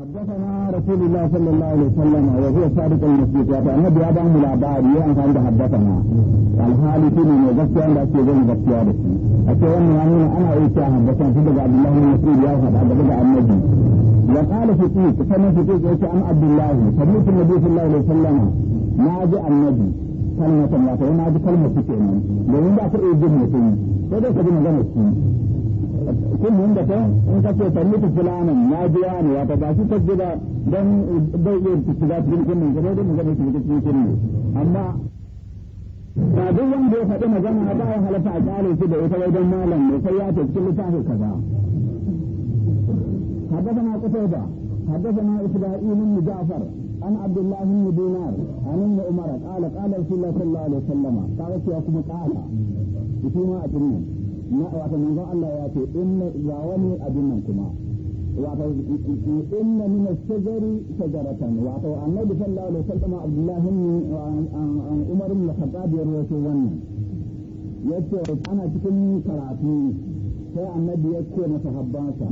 حدثنا رسول الله صلى الله عليه وسلم وهو صادق المسجد وأن النبي هذا من العباد كان حدثنا الحالي كل من يغسي عند أشياء غير غسي عارف أشياء من يعني أنا أوتى حدثنا صدق عبد الله بن مسعود يأخذ عبد الله عن النبي وقال فتيك كما فتيك أوتى عن عبد الله سمعت النبي صلى الله عليه وسلم ما جاء النبي كلمة واحدة ما جاء كلمة فتيك من لأن ذاك إيه فده وذاك جملة kullum da kai in ka ce salli ta fulanan ya ji ya ne wata ba shi ta ba don bai iya shiga cikin kunnen ka dai mun ga bai shiga cikin kunnen amma ba duk wanda ya faɗi magana ba ya halatta a ƙare shi da ita wai don malam ne sai ya ce cikin littafi kaza حدثنا قتيبة حدثنا إسرائيل بن جعفر عن عبد الله بن دينار عن ابن عمر قال قال رسول الله صلى الله عليه وسلم قال يا قال فيما na wato manzon Allah ya ce in ga wani abin nan kuma wato in na min shajari shajaratan wato annabi sallallahu alaihi wasallam Abdullah ibn uh, uh, Umar ibn Khattab ya rawaito wannan yace ana cikin karatu sai annabi ya ce masa habbansa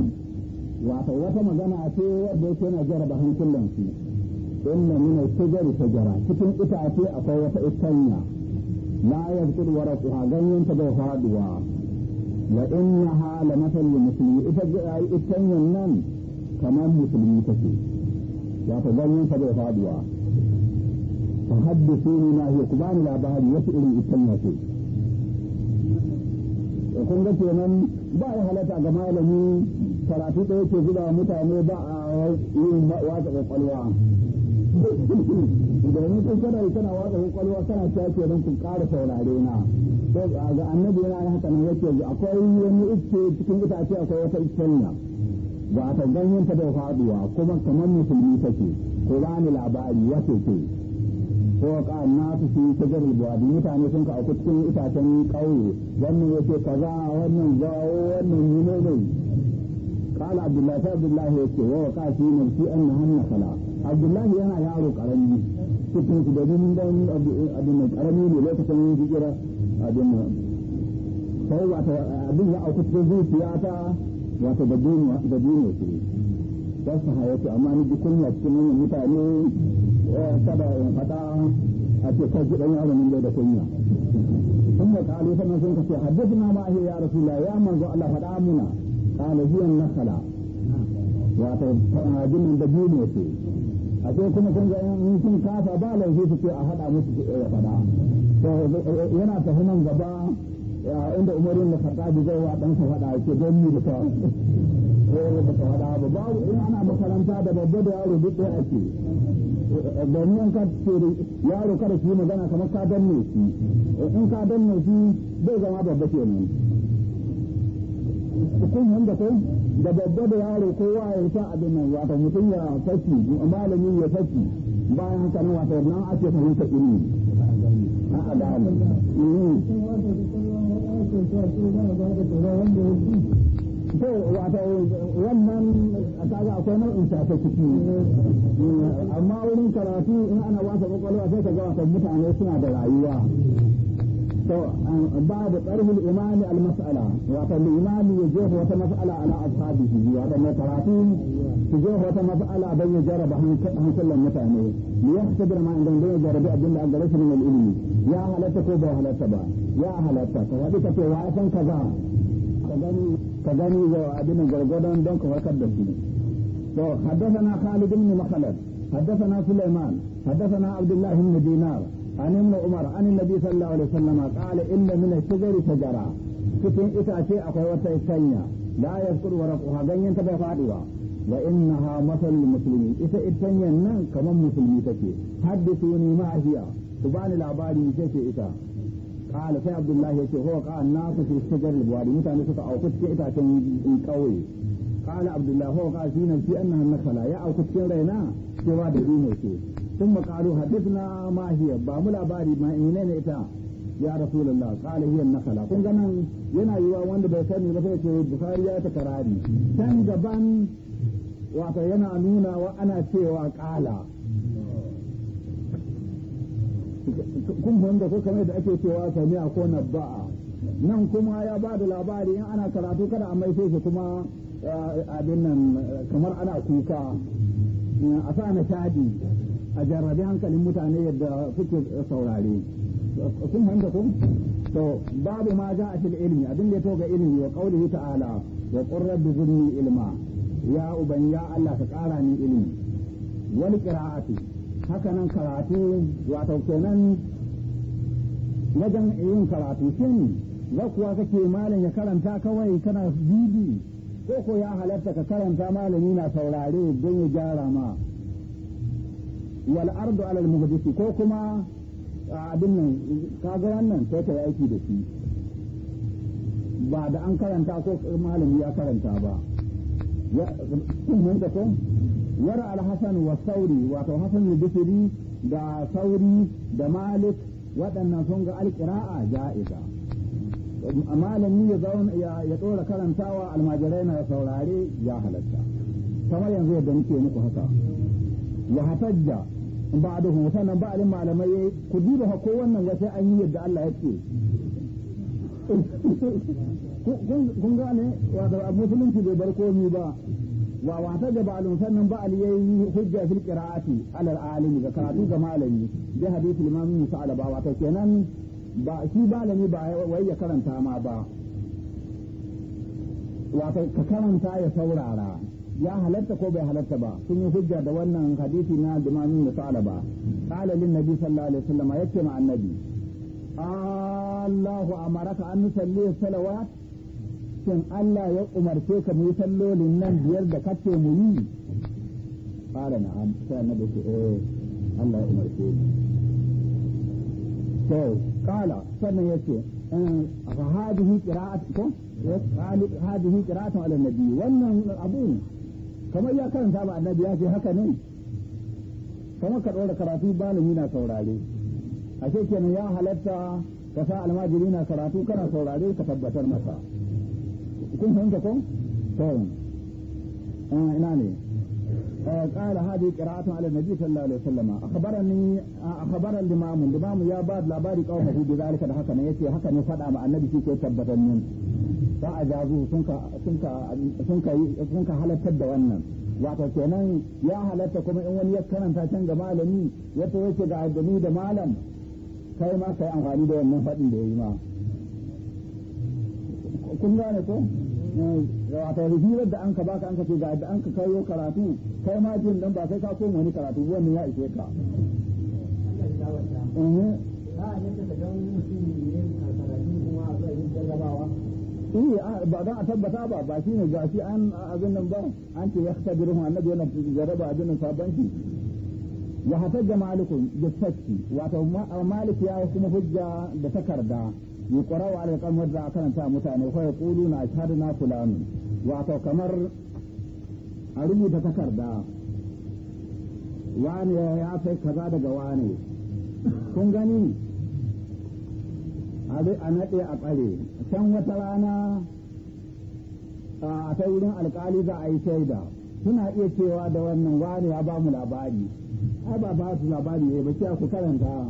wato wata magana ce wadda yake na jaraba hankulan su inna min shajari shajara cikin itace akwai wata itanya la yazkuru waraqaha ganyen ta bai faduwa wa innaha la matalul muslimi ita ita nan kamar musulmi take ya ta ganin ta da faduwa fa haddithuni ma hiya bani labari wasu irin ita ce kun ga kenan ba ya halatta ga malami karatu da yake zuba mutane ba a yin watsa kwakwalwa domin kun kana yi kana watsa kwakwalwa kana ta ce don kun ƙara saurare na to ga annabi yana haka nan yake akwai wani ice cikin itace akwai wata iccenya ba ta ganyen ta da faduwa kuma kamar musulmi take ko ba ni labari wace ce ko ka na su ta gari ba mutane sun ka auku cikin itacen kauye wannan yake kaza wannan zawo wannan yi ne قال عبد الله عبد الله يكي ووقع في نفسي أنهن النخلة عبد الله يانا يارو قرمي كتن كدني من دون أبن قرمي لو تكون في جرى أبن فهو أبن يأو كتن سياتا وتدبين وتدبين وكري بس هاي حياتي أماني بكل يتكلم متعني سبع فتاة أتكاد أن يعلم من لدى كنيا ثم قالوا فمن سنك حدثنا ما هي يا رسول الله يا من الله فدعمنا ɗaliban na sala wato jimin da biyu ne ce akwai kuma kun ga in sun kafa ba laifi su ce a haɗa musu su ɗaya fada ta yana tafinan gaba inda umaru na kaɗa bi zai wa ɗansa haɗa ke don yi da kawai ko yi da kawai haɗa ba babu in ana makaranta da babba da yaro duk ɗaya ake domin in ka ce yaro kada su yi magana kamar ka danne shi in ka danne shi bai zama babba ke nan kun hanga kai da babba da yaro kowa ya sa abin nan wato mutum ya fashi malami ya fashi bayan ka nan wato nan ake fahimta ilimi a adamu to wato wannan kaga akwai in shafe ciki amma wurin karatu in ana wasa kwakwalwa sai ka ga wato mutane suna da rayuwa آه، بعد طرح الإمام المسألة وقت الإمام يجوه وتمسألة على أصحابه وقت المتراتين يجوه وتمسألة بين جرب هم كل المتعمل ليختبر ما عندهم بين جرب أبن أجرس من الإلم يا أهل تكوب وأهل تبا يا أهل تكوب وهذه تكوب وعيسا كذا كذاني وأبن جرجودا دونك وكبدا حدثنا خالد بن مخلد حدثنا سليمان حدثنا عبد الله بن دينار عن Umar عمر عن النبي صلى الله عليه وسلم قال إن من الشجر شجرة cikin itace akwai wata sanya la yaskuru wa raquha ganyen ta bai faduwa wa innaha masal muslimin ita itanyan nan kamar musulmi take haddithuni ma hiya su bani labari ce ce ita qala sai abdullahi yace huwa qala nasu fi shajar alwadi mutane suka auku cikin itacen kauye qala abdullahi huwa qala fi annaha nakhala ya auku cikin raina cewa da dino ثم قالوا حدثنا na هي bamu labari ما منين ايتا يا رسول الله قال هي النخله كن زمان yana yiwa wanda bai sani ba sai ce bukhari ya ta karari kan gaban wato yana nuna wa ana cewa kala kun wanda ko kamar ake cewa sami'a ko nabba'a nan kuma ya bada labari in ana karatu kada a mai sai kuma eh, abin nan kamar ana kuka a sa na shadi a jarrabi hankalin mutane yadda suke saurare sun hanta ku to babu ma za a fil ilmi abin da ya toga ilmi wa qaulihi ta'ala wa qur rabbi zidni ilma ya uban ya Allah ka kara ni ilmi wal qira'ati haka nan karatu wato kenan wajen yin karatu shin zakuwa kake malam ya karanta kawai kana bibi ko ko ya halatta ka karanta malami na saurare don ya gyara ma wal ardu ala ko kuma abin nan kaga wannan sai ka aiki da shi ba da an karanta ko malami ya karanta ba ya mun da ko wara al wa sauri wato hasan al da sauri da malik waɗannan sun ga alƙira'a ja'iza malami ya zauna ya tsora karantawa almajirai na saurare ya halatta kamar yanzu yadda muke muku haka wa hatajja ba ba'dahu sannan ba'alin malamai ya ku duba ha ko wannan ga sai an yi yadda Allah ya ce kun gane wato a musulunci bai bar komi ba wa wata da ba'alun sannan ba'al ya yi hujja fil qira'ati ala alimi ga karatu ga malami da hadisi limamin musa ala ba kenan ba shi malami ba wai ya karanta ma ba wato ka karanta ya saurara ya halatta ko bai halatta ba sun yi hujja da wannan hadisi na dumamin da sa'ala ba qala lin nabi sallallahu alaihi wasallam yace ma annabi Allahu amaraka an nusalli salawat shin Allah ya umarce ka mu yi sallolin nan biyar da kace mu yi qala na'am sai annabi ce eh Allah ya umarce ni to qala sannan yace fa hadhihi qira'atu ko هذه قراءة على النبي وأن أبوه kamar ya karanta ba annabi ya ce haka ne kamar ka ɗora karatu balimi na saurare ashe kenan ya halatta ka sa almajiri na karatu kana saurare ka tabbatar masa kun fahimta ko to ah, ina ne قال هذه قراءة على النبي صلى الله عليه وسلم أخبرني أخبر الإمام الإمام يا باد لا بارك أو بذلك هكذا يأتي هكذا يفدى مع النبي في كي تبتني ba a jazu sun ka halattar da wannan wato kenan ya halatta kuma in wani ya karanta can ga malami ya to ga addini da malam kai ma kai amfani da wannan faɗin da ya yi ma kun gane ko eh, wato hirar da an ka baka an ka ce ga da an ka kayo karatu kai ma jin dan ba sai ka koma wani karatu wannan ya ishe ka. Eh. eh ba dan a tabbata ba ba ne ga shi an abin nan ba an ce yahtabiruhu annabi yana jaraba abin nan sabon shi wa hatajja malikun bi sakki wato malik ya kuma hujja da takarda yi kwarawa al kamar da karanta mutane ko ya qulu na ashhaduna wato kamar a rubuta takarda wani ya sai kaza daga wani kun gani a naɗe a tsare can wata rana a ta wurin alkali za a yi shaida suna iya cewa da wannan wani ya ba mu labari ai ba ba su labari ne ba cewa ku karanta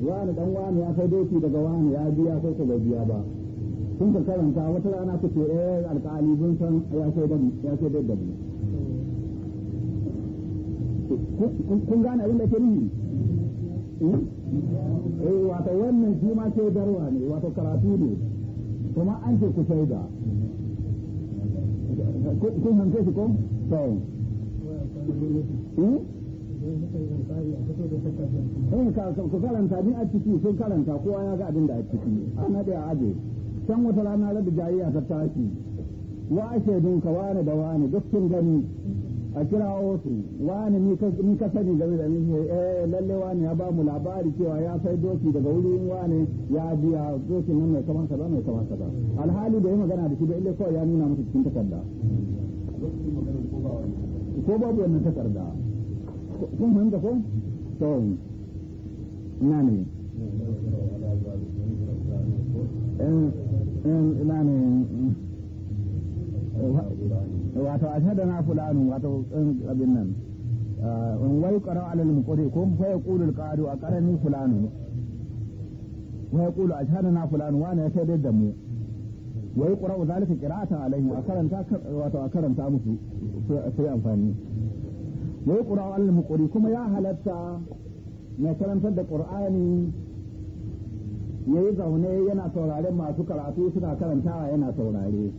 wani dan wani ya kai doki daga wani ya biya sai ku bai biya ba kun ka karanta wata rana ku ce eh alkali mun san ya shaida ya shaida da mu mm. kun gane abin da ke nuni eh wato wannan shi ma darwa ne wato karatu ne kuma an ce ku shaida kun hanke shi ko to in eh? eh, ka ku karanta ni a ciki sun karanta kowa ya ga abin da a ciki ana da aje can wata rana da jayi ta tashi wa shaidun ka wani da wani duk sun gani a kira su wani ni ka sani game da ni eh lalle wani ya ba mu labari cewa ya sai doki daga wurin wani ya biya doki nan mai kamar kaza mai kamar kaza alhali da yi magana da shi da ille kawai ya nuna musu cikin takarda ko babu wannan takarda kun fahimta ko to nani ne eh, eh, na wato shaɗa na fulanu wato abin nan uh, wai ƙara ala al-muqri ko fa yaqulu al-qadi wa qarani fulanu wa a shaɗa na fulanu wani ya sai da mu wa yuqra zalika qira'atan alaihi a karanta wato a karanta musu sai amfani wai ƙura wa al kuma ya halatta mai karantar da qur'ani yi zaune yana sauraren masu karatu suna karantawa yana saurare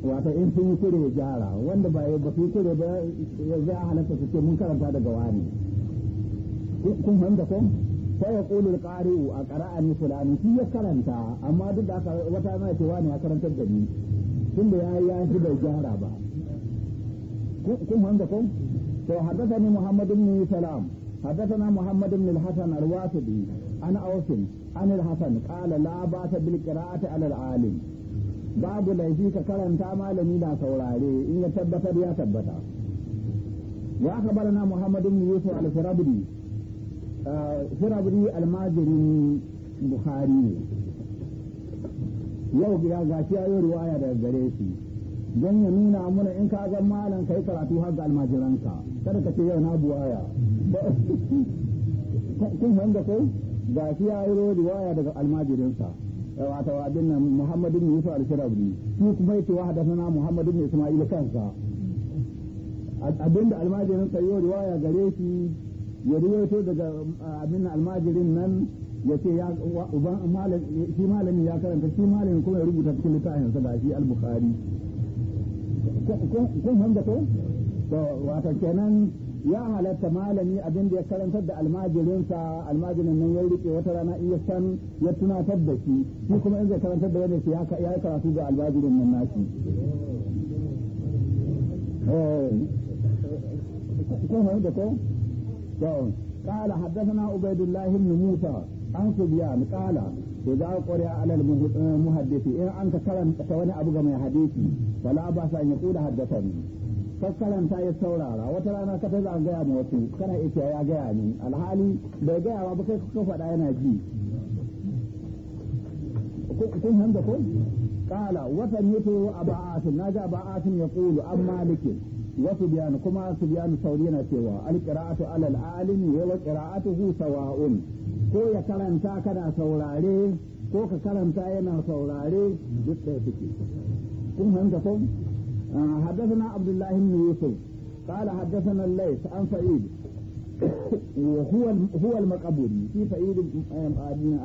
wato in sun yi kure gyara wanda ba ba su yi kure ba ya zai a halatta su ce mun karanta daga wani kun hanga ko sai ya kulul qari'u a qara'ani fulani shi ya karanta amma duk da aka wata na ce wani ya karantar da ni tunda ya ya shi da gyara ba kun hanga ko to haddathani muhammad ibn salam حدثنا محمد بن الحسن الواسطي عن أوس عن الحسن قال لا بأس bilkira على العالم babu laifi ka karanta malami da saurare in ya tabbatar ya tabbata wa akhbarana na muhammadin yusuf al-firabri uh, firabri firabri al buhari bukhari yau ya shi ayo riwaya daga gare shi don ya nuna muna in ka ga malam kai karatu har ga almajiranka kada ka ce yau na buwaya kun hanga ko ga ya ayo riwaya daga almajirinsa wato abin nan Muhammad ibn Yusuf al sharabi shi kuma yake wa hadathana Muhammad ibn Isma'il kansa abinda almajirin yau riwaya gare shi ya riwayato daga abin almajirin nan ya ce ya uban malam shi malamin ya karanta shi malamin kuma ya rubuta cikin littafin sa gashi al-Bukhari kun hanga to wato kenan ya halatta malami abin da ya karantar da almajirinsa almajirin nan ya rike wata rana in ya san ya tunatar da shi shi kuma in zai karantar da wani shi ya yi karatu ga almajirin nan nashi قال حدثنا عبيد الله بن موسى عن سفيان قال إذا قرأ على المحدث إن أنت كلام ثواني أبو جمع حديثي فلا بأس أن يقول حدثني karanta ya saurara wata rana ka za a gaya ma wasu kana iya ya gaya ni alhali bai gaya ba kai ka faɗa yana ji kun hanga ko kala watan to a ba'asin na ga ba'asin ya kulu an malikin wasu biyanu kuma su biyanu sauri yana cewa alƙira'atu alal alimi wa ƙira'atuhu sawa'un ko ya karanta kana saurare ko ka karanta yana saurare duk ɗaya suke kun hanga ko حدثنا عبد الله بن يوسف قال حدثنا الليث عن سعيد وهو هو المقبول في سعيد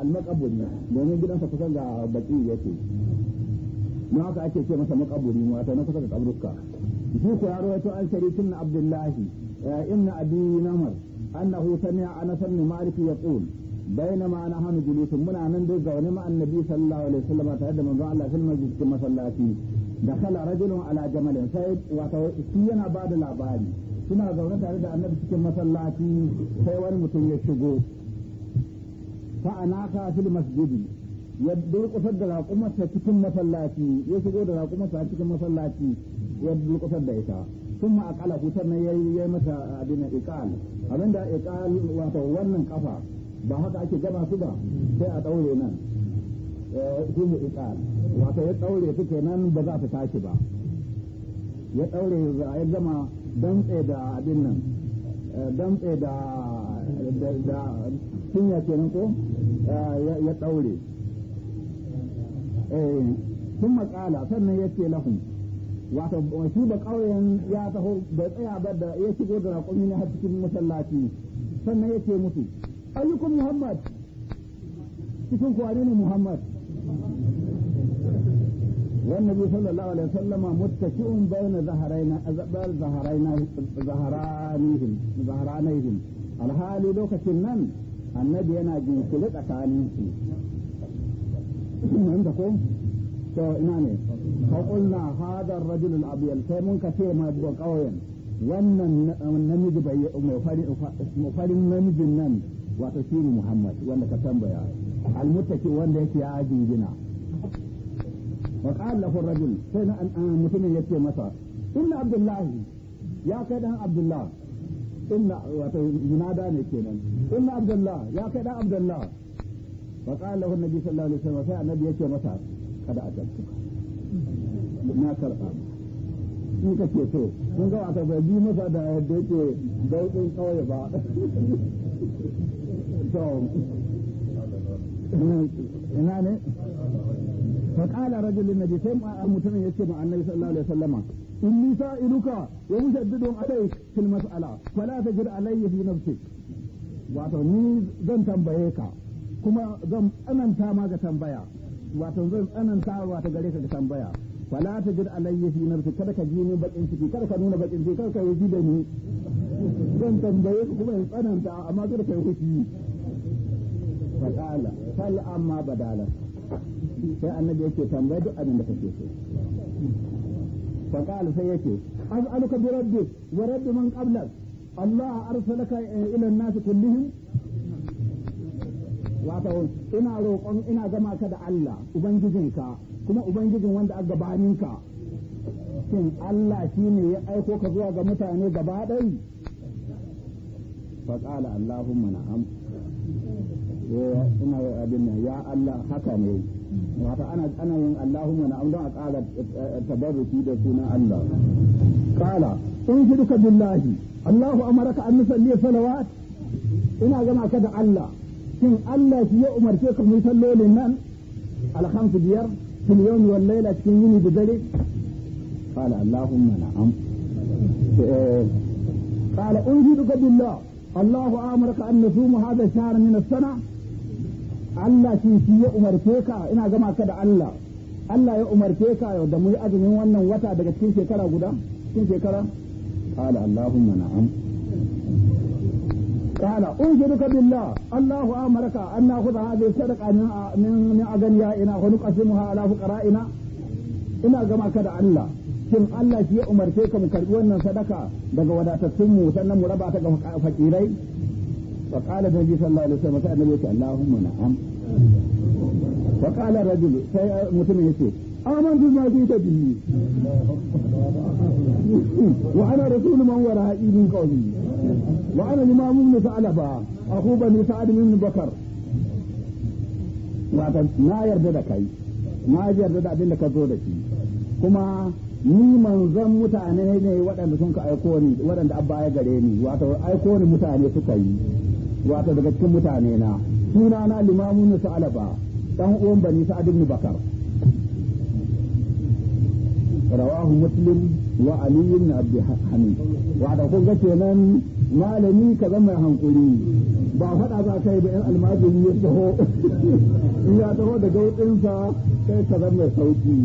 المقبول يعني جدا فتصل على بقية ما أتأكد كيف مثلا مقبول ما أتأكد مثلا تبرك يشوف يا روي تقول شريك من عبد الله إن آه، أبي نمر أنه سمع أنا سمي مالك يقول بينما أنا هم جلوس من عند الزوج النبي صلى الله عليه وسلم تهدم من رأى الله في المسجد كما صلى فيه da kala rajulun ala jamalin sai wato shi yana ba da labari suna zaune tare da annabi cikin masallaci sai wani mutum ya shigo fa anaka fil masjidi ya durƙusar da raƙumarsa cikin masallaci ya shigo da raƙumarsa cikin masallaci ya durƙusar da ita ثم أقال فتر abinda متى wata wannan kafa ba haka ake كفا su ba sai a سيأتولي nan dubu iqal wato ya daure su kenan ba za ta tashi ba ya daure za ya gama dantse da abin nan eh, dantse da da ya kenan ko eh, ya daure eh kuma qala sannan ce lahum wato shi ba kauyen ya taho bai tsaya ba da ya shigo da raƙumi na har cikin masallaci sannan ya ce musu ayyukun muhammad cikin kwari ne muhammad والنبي صلى الله عليه وسلم متكئ بين ظهرين ظهرين ظهرانيهم ظهرانيهم الحالي لو كتنن النبي أنا جنسل أكانيسي عندكم تو إناني فقلنا هذا الرجل الأبيض سيمون كثير ما يبقى قويا wannan namiji bai mafarin namijin nan wato shi Muhammad wanda ka tambaya almuttaki wanda yake ya ajin gina فقال له الرجل سنة مثل يتي مسا إن عبد الله يا كذا عبد الله إن ينادى نكينا إن عبد الله يا كذا عبد الله فقال له النبي صلى الله عليه وسلم يا نبي يتي مسا قد أجبتك ما كرقا ni ka ce to kun ga aka ba bi masa da yadda yake dautin kawai ba to ina ne fa qala rajulun nabi sai mutumin yace ma annabi sallallahu in wasallama inni sa'iluka wa mushaddidun alayk fil mas'ala fala tajid alayya fi nafsi wato ni zan tambaye ka kuma zan tsananta ma ga tambaya wato zan tsananta wato gare ka ga tambaya fala tajid alayya fi nafsi kada ka ji ni bakin ciki kada ka nuna bakin ciki kada ka yi da ni zan tambaye ka kuma tsananta amma kada ka yi sai annabi yake tambaya duk abin da kake so فقال سيأتي rabbi بربك ورب من قبلك الله an إلى الناس كلهم wato ina roƙon ina gama ka da Allah ubangijinka kuma ubangijin wanda a gabaninka shin Allah shi ne ya aiko ka zuwa ga mutane gaba fa qala Allahumma na'am eh, ina abin ya Allah haka ne wato ana ana yin Allahumma na Allah a ƙara tabarruki da sunan Allah qala in shirka billahi Allahu amaraka an nusalli salawat ina gama ka da Allah shin Allah shi ya umarce ka mu sallolin nan alhamdu biyar fil yawmi wal layla cikin yini da dare qala Allahumma na'am قال أنشدك بالله الله آمرك أن نصوم هذا الشهر من السنة Allah shi shi ya umarce ka ina gama ka da Allah Allah ya umarce ka yau da mu yi azumin wannan wata daga cikin shekara guda cikin shekara qala allahumma na'am qala unjiruka billah Allahu amaraka an nakhudha hadhihi sadaqa min min min aganiya ina wa nuqasimuha ala fuqara'ina ina gama ka da Allah shin Allah shi ya umarce ka mu karbi wannan sadaka daga wadatattun mu sannan mu raba ta ga fakirai فقال النبي صلى الله عليه وسلم كان النبي اللهم نعم فقال الرجل سي متم يسير آمنت بما جئت به وأنا رسول من ورائي من قومي وأنا الإمام بن ثعلبة أخو بني سعد بن بكر wato na yarda da kai na yarda da abin da ka zo da shi ni manzon mutane ne waɗanda sun ka aiko ni waɗanda abba ya gare ni wato aiko ni mutane suka yi wato daga cikin mutane na suna na limamu na sa'alaba dan uwan bani sa'ad ibn bakar rawahu muslim wa ali ibn abd hamid wa da kun ga kenan malami ka zama hankuri ba faɗa za kai ba yan almajiri ya taho ya taho da gautsinsa kai ka zama sauki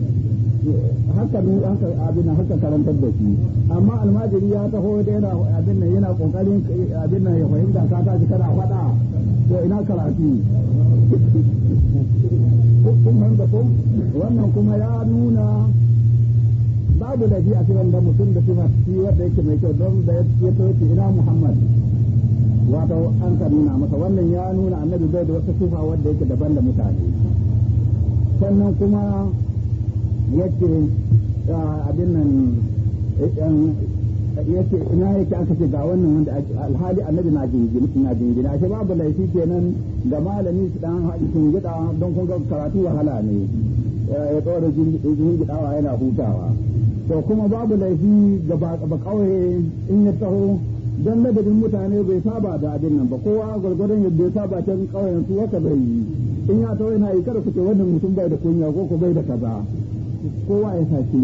haka ne haka abin nan haka karantar da shi amma almajiri ya taho da yana abin nan yana kokarin abin nan ya fahimta ka tashi kana faɗa to ina karatu kun da ko wannan kuma ya nuna babu da a cikin da mutum da kuma shi wanda yake mai kyau don da ya ce ina Muhammad wato an ka nuna masa wannan ya nuna annabi bai da wasu sifa wanda yake daban da mutane sannan kuma yace ah, abin nan eh, yace ina yake aka ce ga wannan wanda alhali annabi na jingina na jingina babu laifi kenan ga malami su dan haɗin gida don kun ga karatu wahala ne eh, ya tsora jirgin gidawa yana hutawa to kuma babu laifi ga ba kawai in ya taho don ladabin mutane bai saba da abin nan ba kowa gwargwadon yadda ya saba can kauyen su haka bai yi in ya taho yana yi kada ku ce wannan mutum bai da kunya ko ku bai da kaza kowa ya sa shi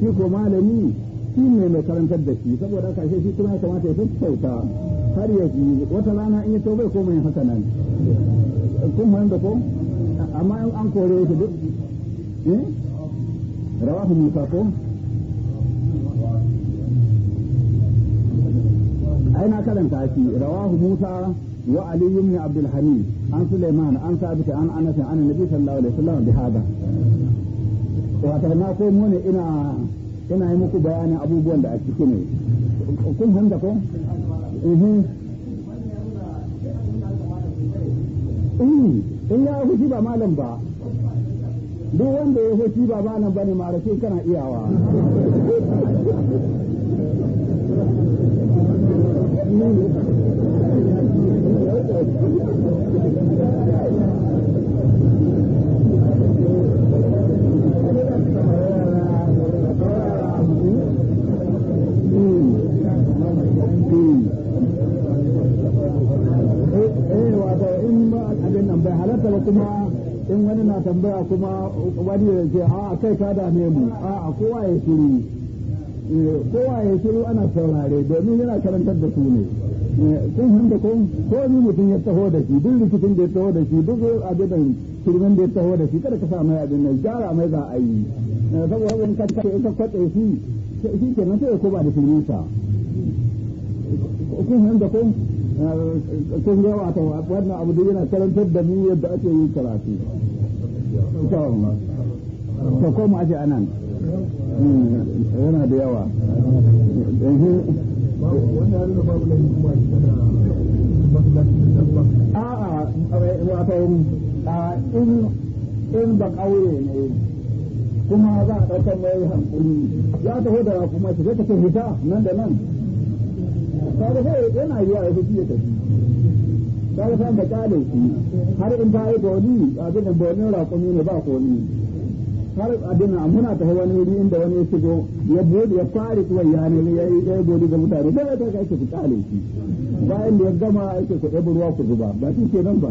shi ko malami shi ne mai karantar da shi saboda kashe shi kuma ya kamata ya sauka har ya ji wata rana in ya to bai komai haka nan kun fahim da ko amma in an kore yake duk eh rawahu musa ko ai na karanta shi rawahu musa wa aliyu ibn abdul an suleiman an sabita an anas an annabi sallallahu alaihi wasallam bi hada wato na komo ne ina ina yi muku bayanin abubuwan da a ciki ne kun fahimta ko eh, in ya huci ba malam ba duk wanda ya huci ba malam ba ne marashe kana iyawa Thank you. ko kuma in wani na tambaya kuma wani ya ce a kai ka dame mu a kowa ya shiru eh, kowa ya shiru ana saurare domin yana karantar da su ne eh, kun hanta kun ko ni mutum ya taho da shi duk rikicin da ya taho da shi duk abin da kirman da ya taho da shi kada ka sa mai abin nan gyara mai za a yi eh, saboda wani kan kai ka kwatsa shi shi kenan sai ya koma da shirminsa kun hanta ko kun ga wato wannan abu duk yana karantar da mu yadda ake yi karatu ta ko mu anan hmm, yana da yawa yanzu a'a wato in in ba kauye ne kuma za a ɗaukar mai hankuli ya taho da kuma shi zai ta fita nan da nan kaga sai yana yiwa ya fi ya tafi kaga san da shi har in ta yi boni abin da bonin raƙumi ne ba komi har abin nan muna ta wani wuri inda wani ya shigo ya bude ya fare kuwa ya ne ya yi ɗaya godi ga mutane ba ya ta ka ake kalin shi bayan da ya gama ake ku ɗaya ruwa ku zuba ba shi ke nan ba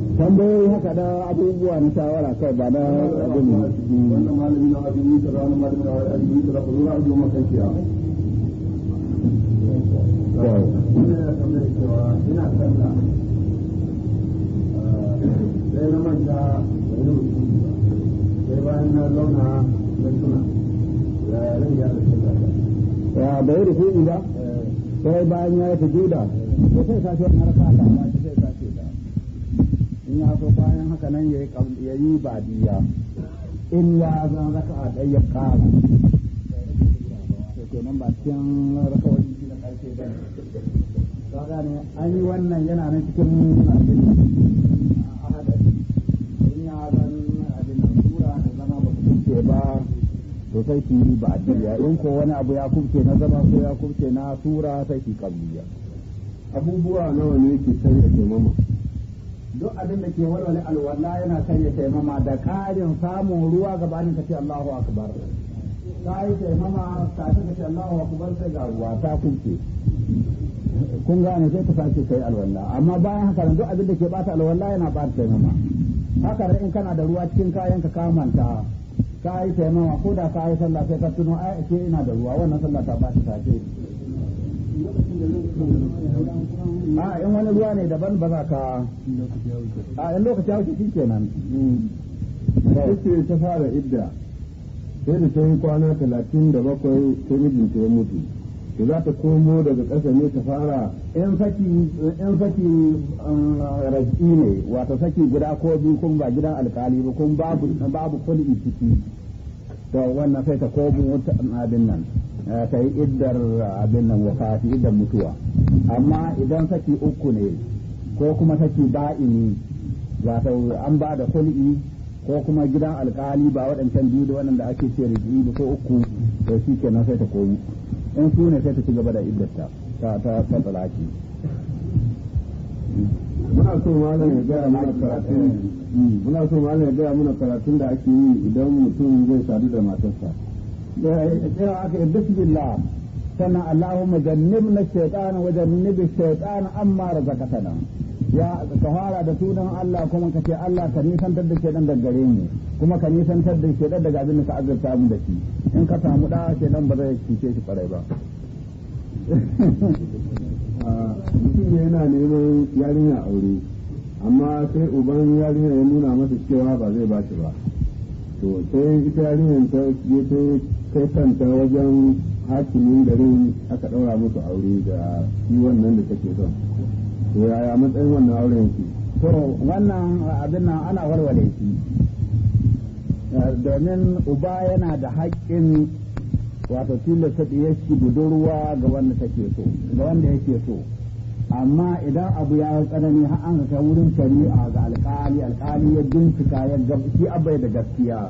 tambayoyi haka da abubuwa na shawara kai ba da abin ne wannan malami na abin yi malami na abin yi ko ina eh, sai na manta da sai bayan na zauna na tuna ya ya da ya ba eh. sai bayan ya yi sujuda sai sai in ya so bayan haka nan ya yi badiya ya zan raka a ɗaya ƙara nan ba cikin raka wani shi na an yi wannan yana nan cikin abin in ya ba su ba in ko wani abu ya na zama ko ya kuke na tura sai ki abubuwa nawa ne ke sanya mama abin da ke walwale alwala yana sanya taimama da karin samun ruwa gabanin ka ce Allahu akbar ta yi taimama kafin ka ce Allahu akbar sai ga ruwa ta kunce kun gane sai ta sake kai alwala amma bayan haka duk abin da ke bata alwala yana ba bata taimama haka in kana da ruwa cikin kayan ka kamanta ka yi taimama ko da ka yi sallah sai ka tuno ai ina da ruwa wannan sallah ta ba ta sake a in wani ruwa ne daban ba za ka a in lokaci hauki shi kenan hmm. ce ta fara idda sai da ta yi kwana talatin da bakwai ta mijin ta mutu to za ta komo daga ƙasa ne ta fara in saki in saki um, ne wata saki guda ko biyu kun ba gidan alkali ba kun babu babu kulli ciki to wannan sai ta komo abin nan ka eh, yi iddar eh, abin nan wafati iddar mutuwa amma idan saki uku ne ko kuma saki ba'ini wato an ba da kul'i ko kuma gidan alkali ba waɗancan biyu da waɗanda ake ce da ko uku to shi nan sai ta koyi in su ne sai ta ci gaba da iddarta ta ta ta talaki muna so malam ya gaya mana karatun hmm. muna so malam ya gaya mana karatun da ake yi idan mutum zai sadu da matarsa cewa aka yi na shaitan wa jannibi amma razaqatana ya ka da sunan Allah kuma ka Allah ka nisantar da shaitan daga gare mu kuma ka nisantar da shaitan daga abin da ka azurta mu da shi in ka samu da ba zai cuce shi farai ba mutum yana neman yarinya aure amma sai uban yarinya ya nuna masa cewa ba zai ba shi ba to sai ita yarinyar ta je ta sai kanta wajen hakimin garin aka ɗaura musu aure da shi wannan da take son to yaya matsayin wannan auren shi to wannan abin nan ana warware shi eh, domin uba yana da haƙƙin wato tilasta ɗiyar shi budurwa ga wanda take so ga wanda yake so amma idan abu ya tsanani har an ka wurin shari'a ga alƙali alƙali ya bincika ya gabci abai da gaskiya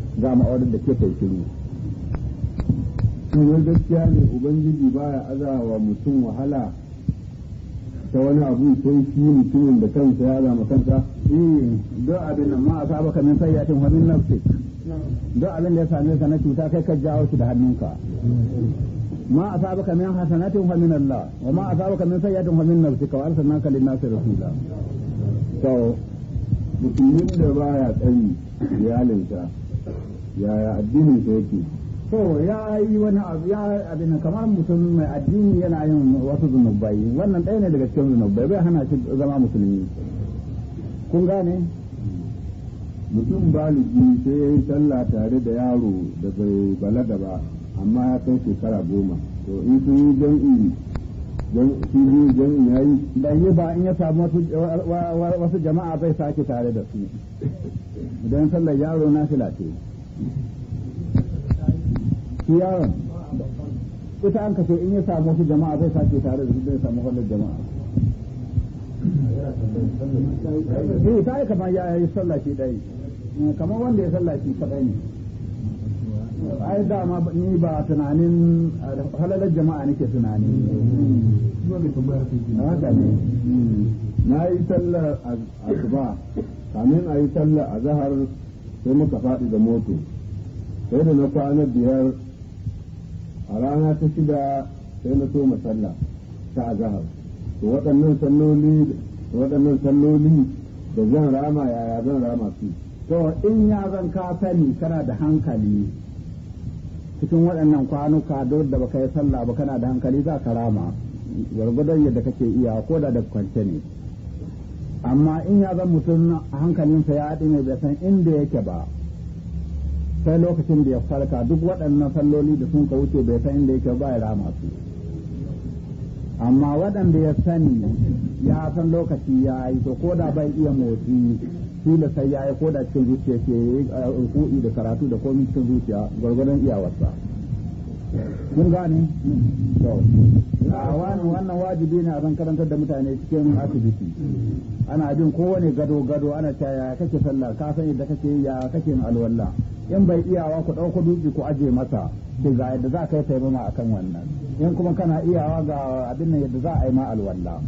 za mu aurar da ke kai shiru kamar gaskiya ne ubangiji baya azawa mutum wahala ta wani abu sai shi mutumin da kansa ya zama kansa eh, don abin nan ma a sa baka min ya wa wani nafsi don abin da ya same ka na cuta kai ka jawo shi da hannunka ما أصابك من حسنة فمن الله وما أصابك من سيئة فمن نفسك وأرسلناك للناس رسولا. So, mutumin da baya tsani iyalinsa yaya addinin sa yake to ya yi wani abu ya abin kamar mutum mai addini yana yin wasu zunubai wannan ɗaya ne daga cikin zunubai bai hana shi zama musulmi kun gane mutum baligi sai ya yi sallah tare da yaro da bai balaga ba amma ya kai shekara goma to in sun yi jam'i sun yi jam'i ya yi yi ba in ya samu wasu jama'a bai sake tare da su idan sallar yaro na filace yaron ita an kashe in ya samu wasu jama'a zai sake tare da su zai samu wannan jama'a eh sai kamar ya yi sallah shi dai eh, kamar wanda ya sallah kaɗai kadai ne ai dama ni ba tunanin halalar jama'a nake tunani na yi sallar asuba kamin a yi sallar azahar sai muka faɗi da moto sai da na kwana biyar a rana ta shida sai na so masalla ta azahar to waɗannan salloli waɗannan salloli da zan rama yaya zan rama su to in ya zan ka sani kana da hankali cikin waɗannan kwanuka don da baka yi sallah ba kana da hankali za ka rama gwargwadon yadda kake iya ko da da kwance ne amma in ya zan mutum hankalinsa ya haɗi ne san inda yake ba sai lokacin da ya farka duk waɗannan salloli da sun ka wuce bai san inda yake ba ya rama su amma waɗanda ya sani ya san lokaci ya yi to ko da bai iya motsi kila sai ya yi ko da cikin zuciya ke eh, ruku'i da karatu da komi cikin zuciya gwargwadon iyawarsa. kun gane to wani wannan wajibi ne a zan karantar da mutane cikin asibiti ana bin kowane gado gado ana caya kake sallah ka san yadda kake ya kake alwala in bai iyawa ku ɗauko dubi ku aje masa ki ga yadda za ka yi taimama akan wannan in kuma kana iyawa ga abin nan yadda za a yi ma alwala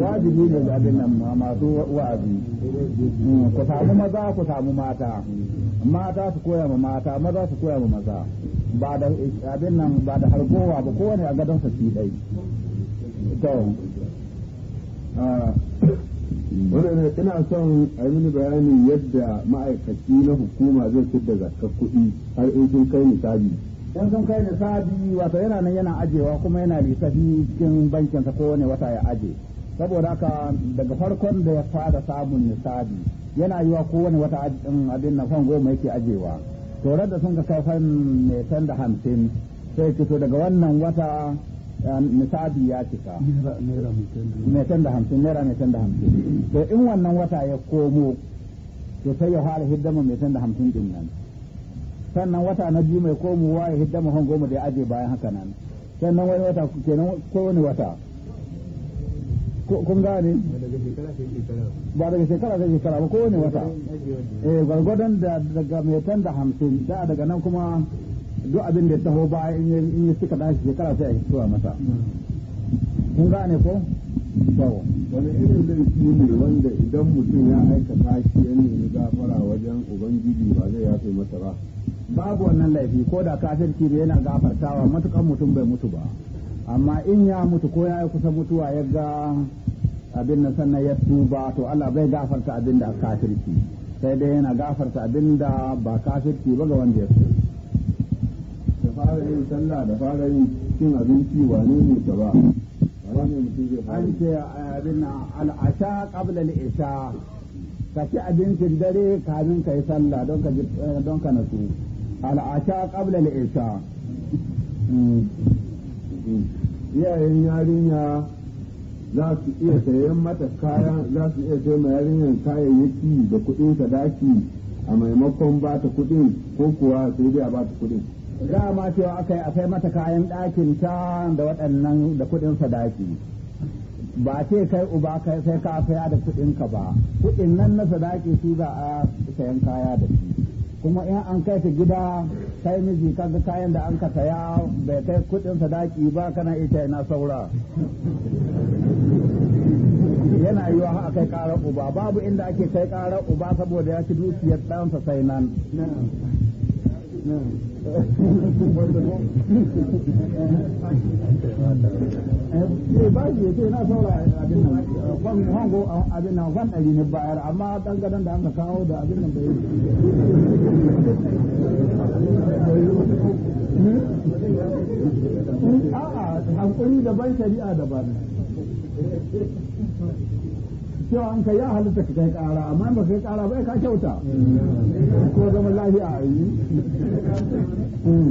wajibi ne ga abin nan masu wa'azi mm, ku samu maza ku samu mata mata su koya ma mata maza su koya ma maza ba da abin nan ba da hargowa ba kowane a gadon sa shi dai to ah. ne ina son a yi mini bayani yadda ma'aikaci na hukuma zai da zakar kuɗi har in sun kai misali don sun kai nisabi wato yana nan yana ajewa kuma yana lissafi cikin bankinsa kowane wata ya aje saboda haka daga farkon da ya fara samun nisabi yana yi wa kowane wata abin na fan goma yake ajewa to da sun ka kai fan mai san da hamsin sai fito daga wannan wata eh, nisabi ya cika mai san da hamsin naira mai san da hamsin to in wannan wata ya komo to sai ya fara hiddama mai san da hamsin din nan sannan wata na biyu mai komowa ya hidda mahon goma da ya aje bayan haka nan sannan wani wata kenan ko wani wata kun gane ba daga shekara sai shekara ba ko wani wata eh gwargwadon da daga metan da hamsin da daga nan kuma duk abin da ya taho ba in yi suka dashi shekara sai a fitowa masa kun gane ko kyau wani irin laifi ne wanda idan mutum ya aikata shi ya nemi gafara wajen ubangiji ba zai yafe masa ba babu wannan laifi ko da kafirci da yana gafartawa matukan mutum bai mutu ba amma in ya mutu ko ya yi kusa mutuwa ya ga abin nan sannan ya tuba to Allah bai gafarta abin da kafirci sai dai yana gafarta abin da ba kafirci ba ga wanda ya so da fara yin sallah da fara yin cin abinci wane ne ba an ce eh, abin al'asha ƙabla isha ka ci abincin dare kamin ka yi sallah don ka eh, nasu al'asha qabla isha mm. iyayen yarinya za su iya sayan mata kayan za su iya sayan ma yarinyar kayayyaki da kuɗin sadaki a maimakon ba ta kuɗin ko kuwa sai dai a ba ta kuɗin dama cewa aka yi a mata kayan ɗakin ta da waɗannan da kuɗin sadaki ba ce kai uba kai sai ka saya da kuɗin ka ba kuɗin nan na sadaki su za a sayan kaya da shi kuma in an kai ta gida kai miji ga kayan da an ka saya bai kai kuɗin sadaki ba kana ita ina saura yana yiwa a kai ƙarar uba babu inda ake kai ƙarar uba saboda ya ci dukiyar ɗansa sai nan ba shi yake na saura abin nan hango abin nan ɗari ne amma ɗan gadon da aka kawo da abin nan bai a'a hankuri daban shari'a daban cewa an kai ya halitta ka kai kara amma ba kai kara ba ka kyauta ko zama lafiya a yi hmm.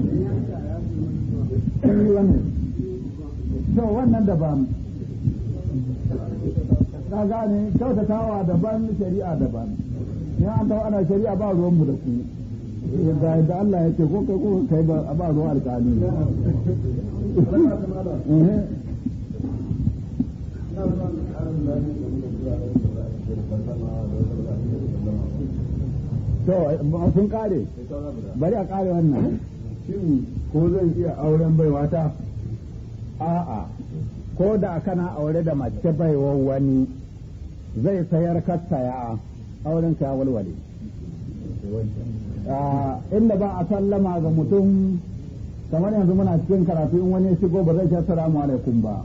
to wannan ba ka gane kyautatawa daban shari'a daban ya an tawo ana shari'a ba ruwanmu da ku yadda yadda Allah ya ce ko kai ko kai ba ba ruwan alƙali Thank to sun kare bari a kare wannan shin ko zan iya auren baiwa ta a'a ko da kana aure da mace baiwar wani zai sayar kasta ya auren ka walwale ah, inda ba a sallama ga mutum kamar yanzu muna cikin karatu in wani shigo ba zai ce salamu alaikum ba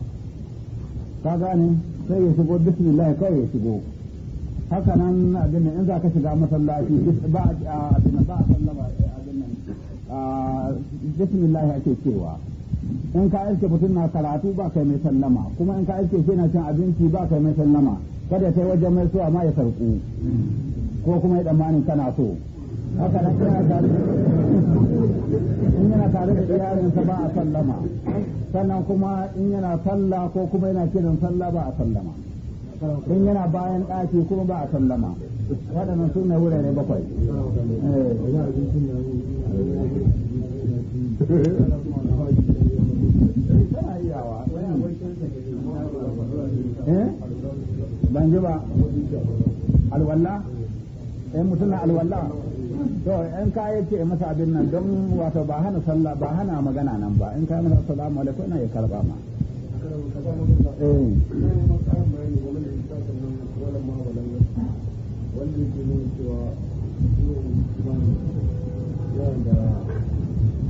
ka gane sai ya shigo bismillah kai ya shigo haka nan abin nan in za ka shiga masallaci ba a ba a sallama eh, abin nan bismillah ake cewa in ka aike mutum na karatu ba kai mai sallama kuma in ka aike shi na cin abinci ba kai mai sallama kada ta yi wajen mai so amma ya sarku ko kuma ya damanin kana so haka nan yana tare in yana tare da iyalinsa ba a sallama sannan kuma in yana sallah ko kuma yana kiran sallah ba a sallama in yana bayan ɗaki kuma ba a sallama waɗannan su ne wurare bakwai ban ji ba alwallah eh mutum na alwallah to in ka ya ce masa abin nan don wato ba hana sallah ba hana magana nan ba in ka yi masa salamu alaikum na ya karba ma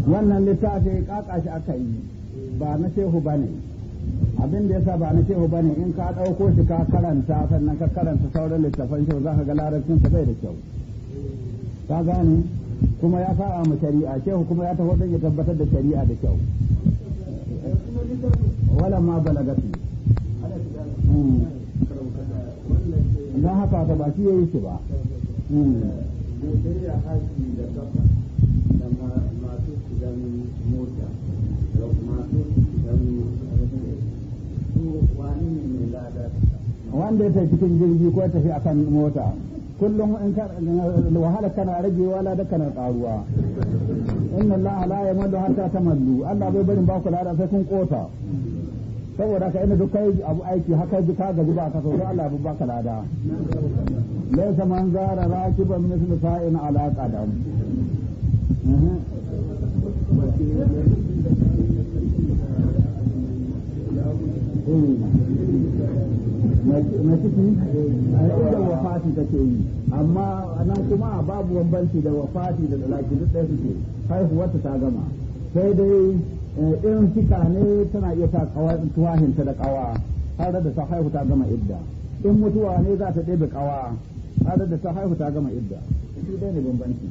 wannan littafi kakashi aka yi ba na shehu ba ne abin da yasa ba na shehu ba ne in ka ɗauko shi ka karanta sannan ka karanta sauran littafan shehu za ka ga larabcinsa bai da kyau ka gane kuma ya fara mu shari'a shehu kuma ya taho don ya tabbatar da shari'a da kyau wala ma balagati hmm. Na haka ta ba shi yayi shi ba hmm. wanda ya tafi cikin jirgi ko ya tafi akan mota kullum in ka wahala kana rage wala da kana karuwa inna allaha la yamallu hatta tamallu Allah bai barin ba ku lada sai kun kota saboda aka ina duk kai abu aiki haka ji ka gaji ba ka so Allah bai baka lada laysa man zara rakiban mislu sa'in ala qadam Mm-hmm. Mm. na ciki a irin wafati take yi amma nan kuma babu bambanci da wafati da talaki duk ɗaya suke haihuwarta ta gama sai dai eh, irin fika ne tana iya ta tuwahinta da kawa har da ta haihu ta gama idda in mutuwa ne za ta ɗebe kawa har da ta haihu ta gama idda shi ɗaya ne bambanci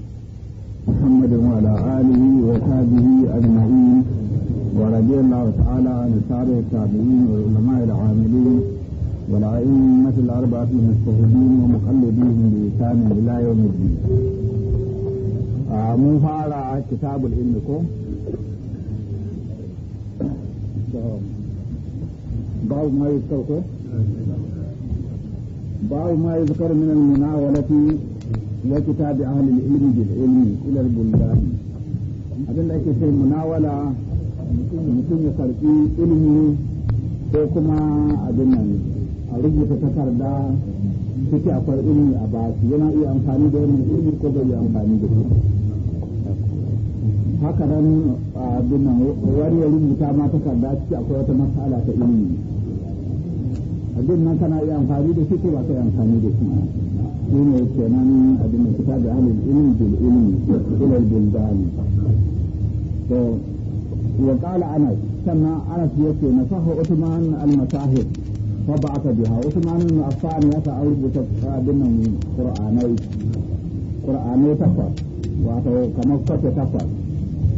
محمد وعلى آله وصحبه أجمعين ورضي الله تعالى عن سائر التابعين والعلماء العاملين والأئمة الأربعة من الشهدين ومقلدين بإحسان إلى يوم الدين. مفارعة كتاب العلم كوم. باب ما يذكر باب ما يذكر من المناولة وكتاب أهل العلم بالعلم إلى البلدان. هذا لك في المناولة ممكن يصير في علمي ko kuma abin nan a rubuta takarda suke akwai ilimi a baki yana iya amfani da wannan ilimi ko bai yi amfani da shi haka nan abin nan wani ya rubuta ma takarda suke akwai wata masala ta ilimi abin nan kana iya amfani da shi ko ba ka yi amfani da shi shine kenan abin da kitab da ahlul ilm bil ilm ila al bildani to wa qala anas sannan anas yace nasahu utman al masahib fa ba aka biha Usman ibn Affan ya sa aure da abin Qur'anai Qur'anai takwas wato kamar kwace takwas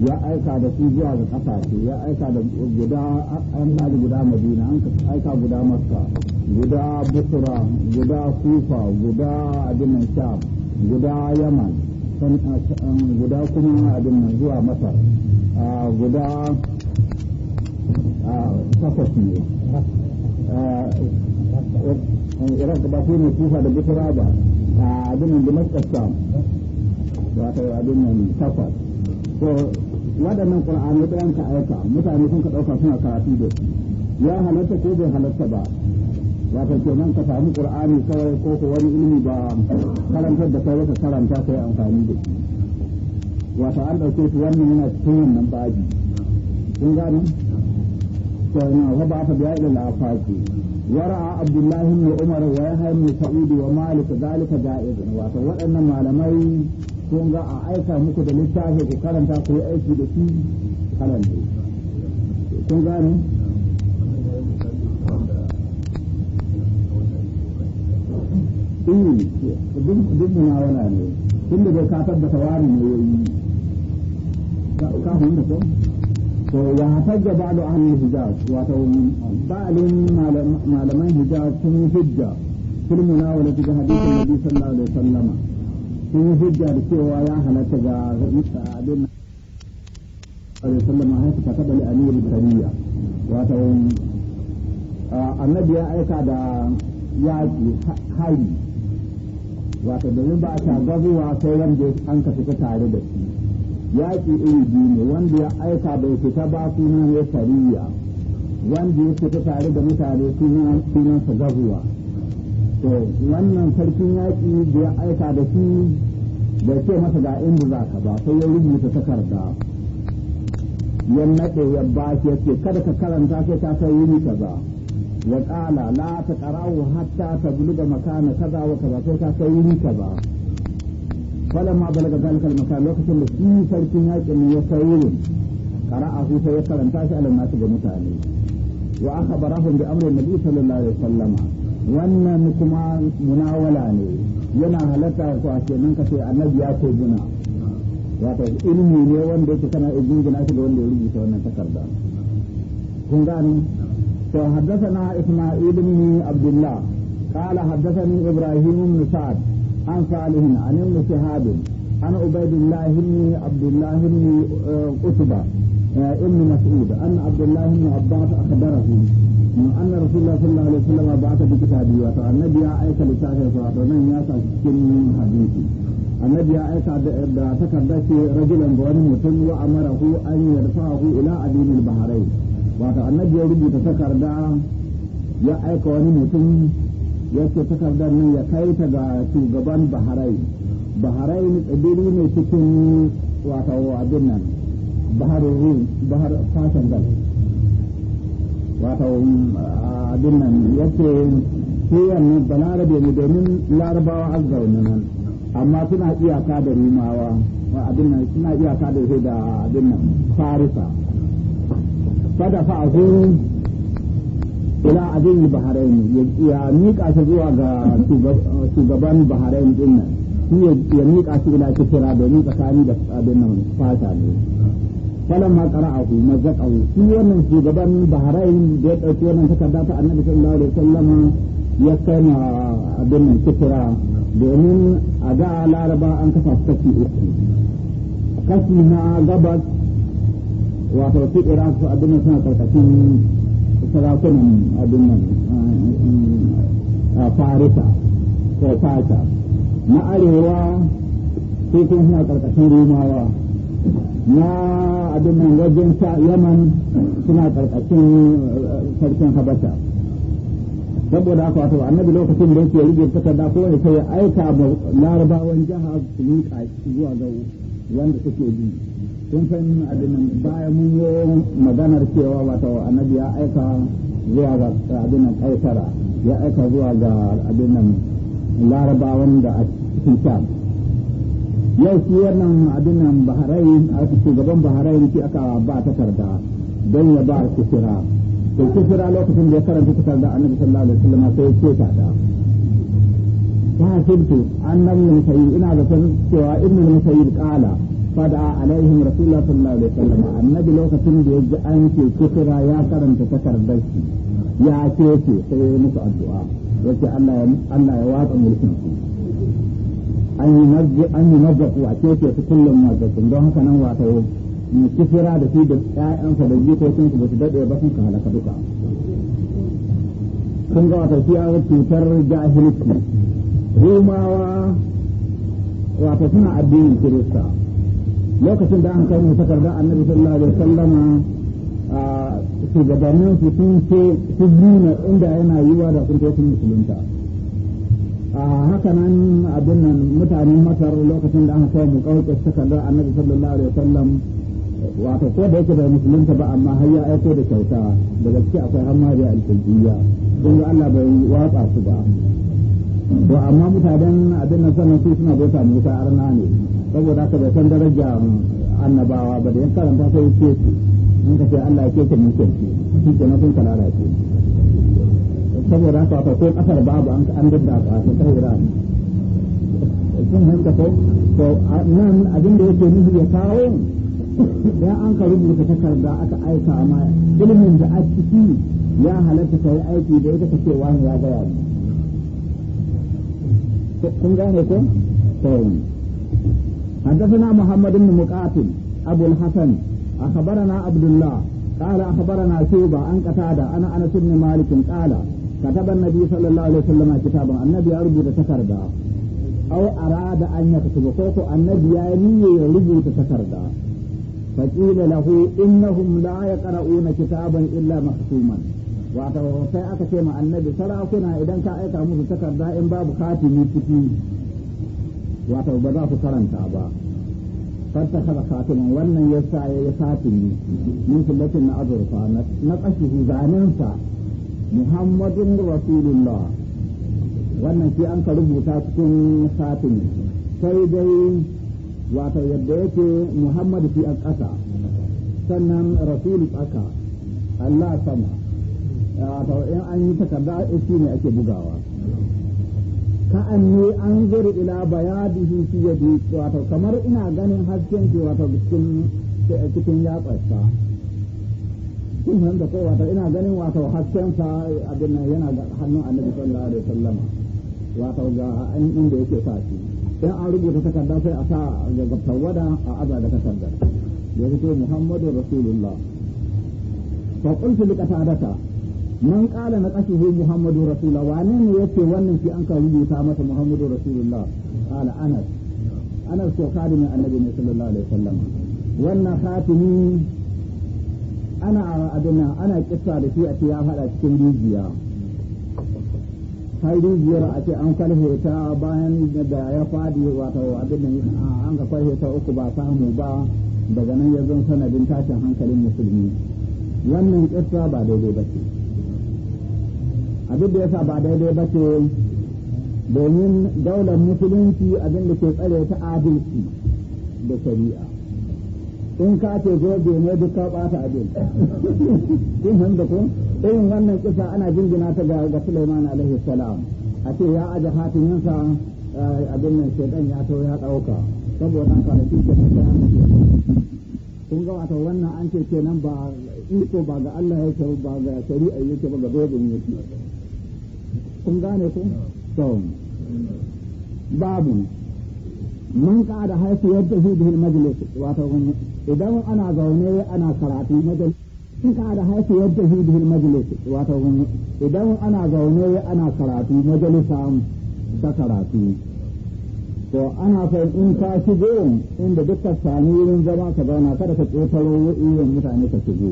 ya aika da su zuwa ga kasashe ya aika da guda an haɗu guda madina an aika guda makka guda busra guda kufa guda abin sham guda yaman guda kuma abin zuwa masar guda takwas ne iraq da bisra ba waɗannan ƙur'ani ɗayan ka aika mutane sun ka ɗauka suna karatu da ya halatta ko bai halarta ba wato kenan ka samu ƙur'ani kawai ko ko wani ilimi ba karantar da kai wata karanta kai amfani da shi an ɗauke shi wannan yana cikin wannan وضعف بها إلى الآفاق ورأى عبد الله بن عمر ويحيى بن سعيد ومالك ذلك جائزا وأن معلمي kun ga a aika muku da littafi ku karanta ku yi aiki da shi karanta kun ne tun da ka tabbata wani ne yi ka fahimta ko to wa hajja ba'du ahli hijaz wato ba'alin malaman hijaz sun yi hujja fil munawala ga hadisin nabi sallallahu alaihi wasallam sun yi hujja da cewa ya halatta ga abin alaihi wasallam har suka taba li amir bariya wato annabi ya aika da yaki hari wato domin ba ta gazuwa sai wanda an ka fita tare da shi yaƙi iri biyu ne wanda ya aika bai fita ba sunan ya shari'a wanda ya fita tare da mutane sunan sa gazuwa to wannan sarkin yaƙi da ya aika da shi bai ce masa ga inda za ka ba sai ya rubuta takarda ya naɗe ya ba shi ya ce kada ka karanta sai ka kai wuri kaza ya ƙala la ta ƙarawo hatta ta buluga makana kaza wa kaza sai ka kai wuri kaza ma balaga zalika al المكان lokacin da shi sarkin yaƙin ne ya sayi qara'ahu sai ya karanta shi a nasu ga mutane wa akhbarahum bi amri nabi sallallahu alaihi wasallam wannan kuma munawala ne yana halatta ko a ce nan kace annabi ya ce guna wato ilmi ne wanda yake kana gina shi da wanda ya rubuta wannan takarda kun gani to haddathana isma'il ibn abdullah قال حدثني ابراهيم بن سعد عن صالح عن ابن شهاب عن عبيد الله بن عبد الله بن قتبة ابن مسعود أن عبد الله بن عباس أخبره أن رسول الله صلى الله عليه وسلم بعث بكتابه وتعالى النبي أيك لتاكل صلاة ومن يسأل من حديثي النبي أيك تكبت رجلا بأنه متم وأمره أن يرفعه إلى أدين البحرين وتعالى النبي يريد تسكر دعا يا أيك ونمتم yake takardar nan ya kai ta ga shugaban baharai baharai ne tsibiri ne cikin wato abin nan bahar rum bahar fashin gal wato ah, abin nan yake kowanne balarabe ne domin larabawa zaune nan amma suna iyaka da rumawa abin nan suna iyaka da da abin nan farisa fada fa'ahu ila azin baharain ya miƙa shi zuwa ga shugaban baharain din nan shi ya miƙa shi ila kira domin sani da abin nan fata ne falan ma na mazzaqahu shi wannan shugaban baharain da ya ɗauki wannan takarda ta annabi sallallahu alaihi wasallam ya kai abin nan kira domin a da laraba an kafa kashi uku kashi na gabas wato su su abin nan suna karkashin sarakunan abin nan farisa ko fata na arewa sai kun suna karkashin rumawa na abin nan wajen sa yaman suna karkashin eh, sarkin habasha saboda haka wato annabi lokacin da yake rige takarda ko ne sai ya aika larabawan jihar su miƙa zuwa ga wanda suke bi kun san abin bayan mun yi maganar cewa wato annabi ya aika zuwa ga abin nan kaisara ya aika zuwa ga abin nan larabawan da a cikin sham yau shi wannan abin nan baharai a shugaban baharai shi aka ba takarda don ya ba kusura to kusura lokacin da ya karanta takarda annabi sallallahu alaihi wasallam sai ya ce ta da ta hasibtu annabi sai ina zaton cewa ibnu sayyid qala fada alaihim rasulullah sallallahu alaihi wasallam annabi lokacin da yaji an ce kusura ya karanta takardar shi ya ce ce sai ya musu addu'a yace Allah ya Allah ya watsa mulkin su an yi nazzi an yi nazzafu a ce su kullum nazzafin don haka nan wata ni kusura da shi da ƴaƴansa da jikokin su ba su dade ba sun ka halaka duka kun ga wata shi an cutar jahilci rumawa wata suna addinin kirista lokacin da an kai mai takarda annabi sallallahu alaihi wasallama shugabannin su sun ce su nuna inda yana yiwa da sun kai musulunta a haka nan abin nan mutanen masar lokacin da an kai mu kauce takarda annabi sallallahu alaihi wasallam wato ko da yake da musulunta ba amma har ya aiko da kyauta daga ciki akwai ma da kulliya don Allah bai watsa su ba to amma mutanen abin nan sanan su suna bauta musa arna ne saboda haka bai san daraja annabawa ba da yan karanta sai ce su in ka ce Allah ya ce ke mun kirki shi ke sun kalara ce saboda haka akwai ko kasar babu an an dadda a ta Iran sun hanta ko to nan abin da yake nufi ya kawo ya an ka rubuta takarda aka aika ma ilimin da a ciki ya halatta ka yi aiki da ita ka ce wani ya gaya ni kun gane ko to حدثنا محمد بن مقاتل أبو الحسن أخبرنا عبد الله قال أخبرنا شوبة عن قتادة أنا أنس بن مالك قال كتب النبي صلى الله عليه وسلم كتابا النبي أرجو تتكردا أو أراد أن يكتب كوكو النبي يعني يرجو تتكردا فقيل له إنهم لا يقرؤون كتابا إلا مختوما wato sai aka ce ma annabi sarakuna idan ka aika musu takarda in babu katimi ciki wato ba za su karanta ba farta kada wannan ya sa ya yi katini min kullatin na azurfa na kashihi zanensa muhammadin rasulullah wannan shi an ka rubuta cikin satin sai dai wato yadda yake muhammadu fi a ƙasa sannan rasulu tsaka allah sama wato in an yi takarda shi ne ake bugawa ka'anni an zuri ila bayadihi fi yadi wato kamar ina ganin hasken shi wato cikin cikin yatsarsa kun san da kai wato ina ganin wato hasken sa abin nan yana da hannun annabi sallallahu alaihi wasallam wato ga inda yake sa shi dan an rubuta takarda sai a sa ga tawada a aza da takardar ya fito muhammadu rasulullah fa qultu liqatadata man kala na kashihu muhammadu rasulullah wane ne yace wannan shi an ka rubuta mata muhammadu rasulullah kala anas anas ko kadimin annabi ne sallallahu alaihi wasallam wannan khatimi ana abinna ana kissa da shi a ce ya fada cikin rijiya sai rijiyar a ce an kwalhe ta bayan da ya fadi wato abin nan an ka kwalhe ta uku ba samu ba daga nan ya zan sanadin tashin hankalin musulmi wannan kissa ba daidai ba ce abin da yasa ba daidai ba ce domin daular musulunci abin da ke tsare ta adalci da shari'a in ka ce gobe ne duk ka bata abin kun hanga ko irin wannan kisa ana jingina ta ga ga Sulaiman alaihi salam a ce ya aje hatiminsa eh, abin nan shedan ya to ya dauka saboda haka da kike da kun ga wato wannan an ce kenan ba iko ba ga Allah yake ba ga shari'a yake ba ga dogon yake kun gane ku to babu man ka da haifi yadda zai bihin majalis wato idan ana zaune ana karatu majalis in ka da haifi yadda zai bihin majalis wato idan ana zaune ana karatu majalisa ta karatu to ana son in ka shigo inda duka sami wurin zama ka zauna kada ka tsotaro wurin mutane ka shigo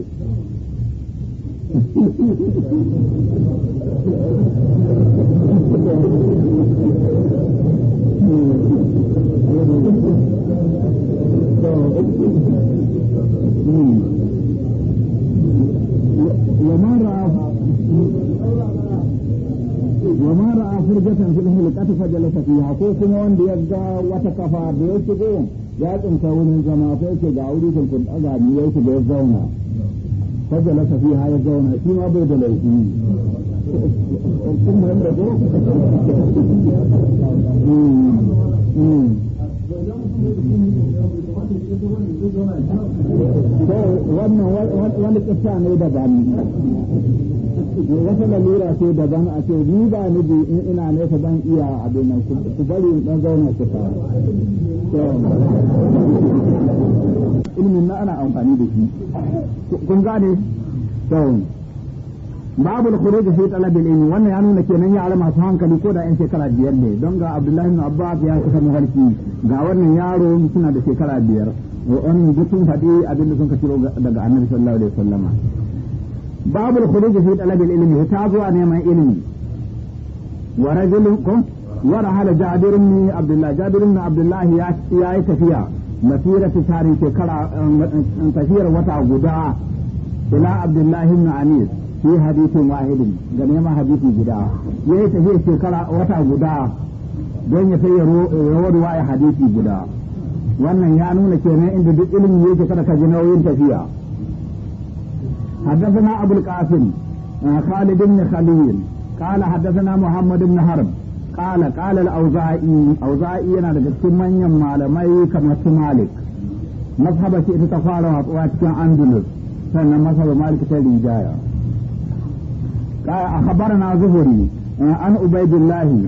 kuma wanda ya ga wata kafa da ya shigo ya tsinta wurin zama sai ce ga wuri sun kun daga ni ya shigo ya zauna ta jala lasa fi haya zauna shi ma bai da laifi hmm. Hmm. Hmm. wannan wani kisa ne da gani wata lalura ce daban a ce ni ba ni bi in ina nesa ban iya abin nan ku bari in dan zauna ku ta ilimin na ana amfani da shi kun gane to babu da khuruj fi talab al-ilmi wannan ya nuna kenan alama su hankali ko da yan shekara biyar ne don ga Abdullahi ibn Abbas ya kusa muhalki ga wannan yaro suna da shekara biyar wa'an dukkan faɗi abin da sun ka daga Annabi sallallahu alaihi wasallama babul khuruj fi talab al-ilmi ta zuwa neman ilimi wa rajulun ko wa rahala jabir ibn abdullah jabir ya yi tafiya masira ta tarin shekara um, um, tafiyar wata guda ila abdullah ibn anis fi hadithin wahidin ga neman hadisi guda ya yi tafiyar shekara wata guda don ya sai rawar waya hadisi guda wannan ya nuna kenan inda duk ilimi yake kada ka ji nauyin tafiya حدثنا أبو القاسم خالد بن خليل قال حدثنا محمد بن حرب قال قال الأوزاعي أوزاعي أنا لقد من يمال مي كما مالك مذهب شيء تفارع وأطوات كان أندلس سنة مذهب مالك تلي جاية قال أخبرنا زهري عن عبيد الله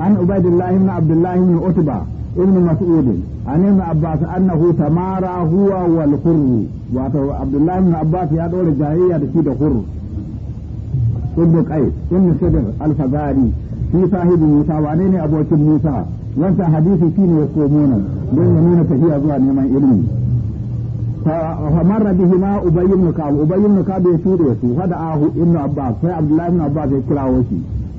عن عبيد الله بن عبد الله بن عتبة ابن مسعود عن ابن عباس أنه تمارى هو والحر wato abdullahi ibn abbas ya dore jayayya da shi da hur ibn qais ibn sadr al-fazari shi sahibi musa wane ne abokin musa wancan hadisi ya komo nan don ya nuna tafiya zuwa neman ilimi فمر بهما أبي بن كعب أبي بن كعب يسوده فدعاه ابن عباس فعبد الله بن عباس يكرهه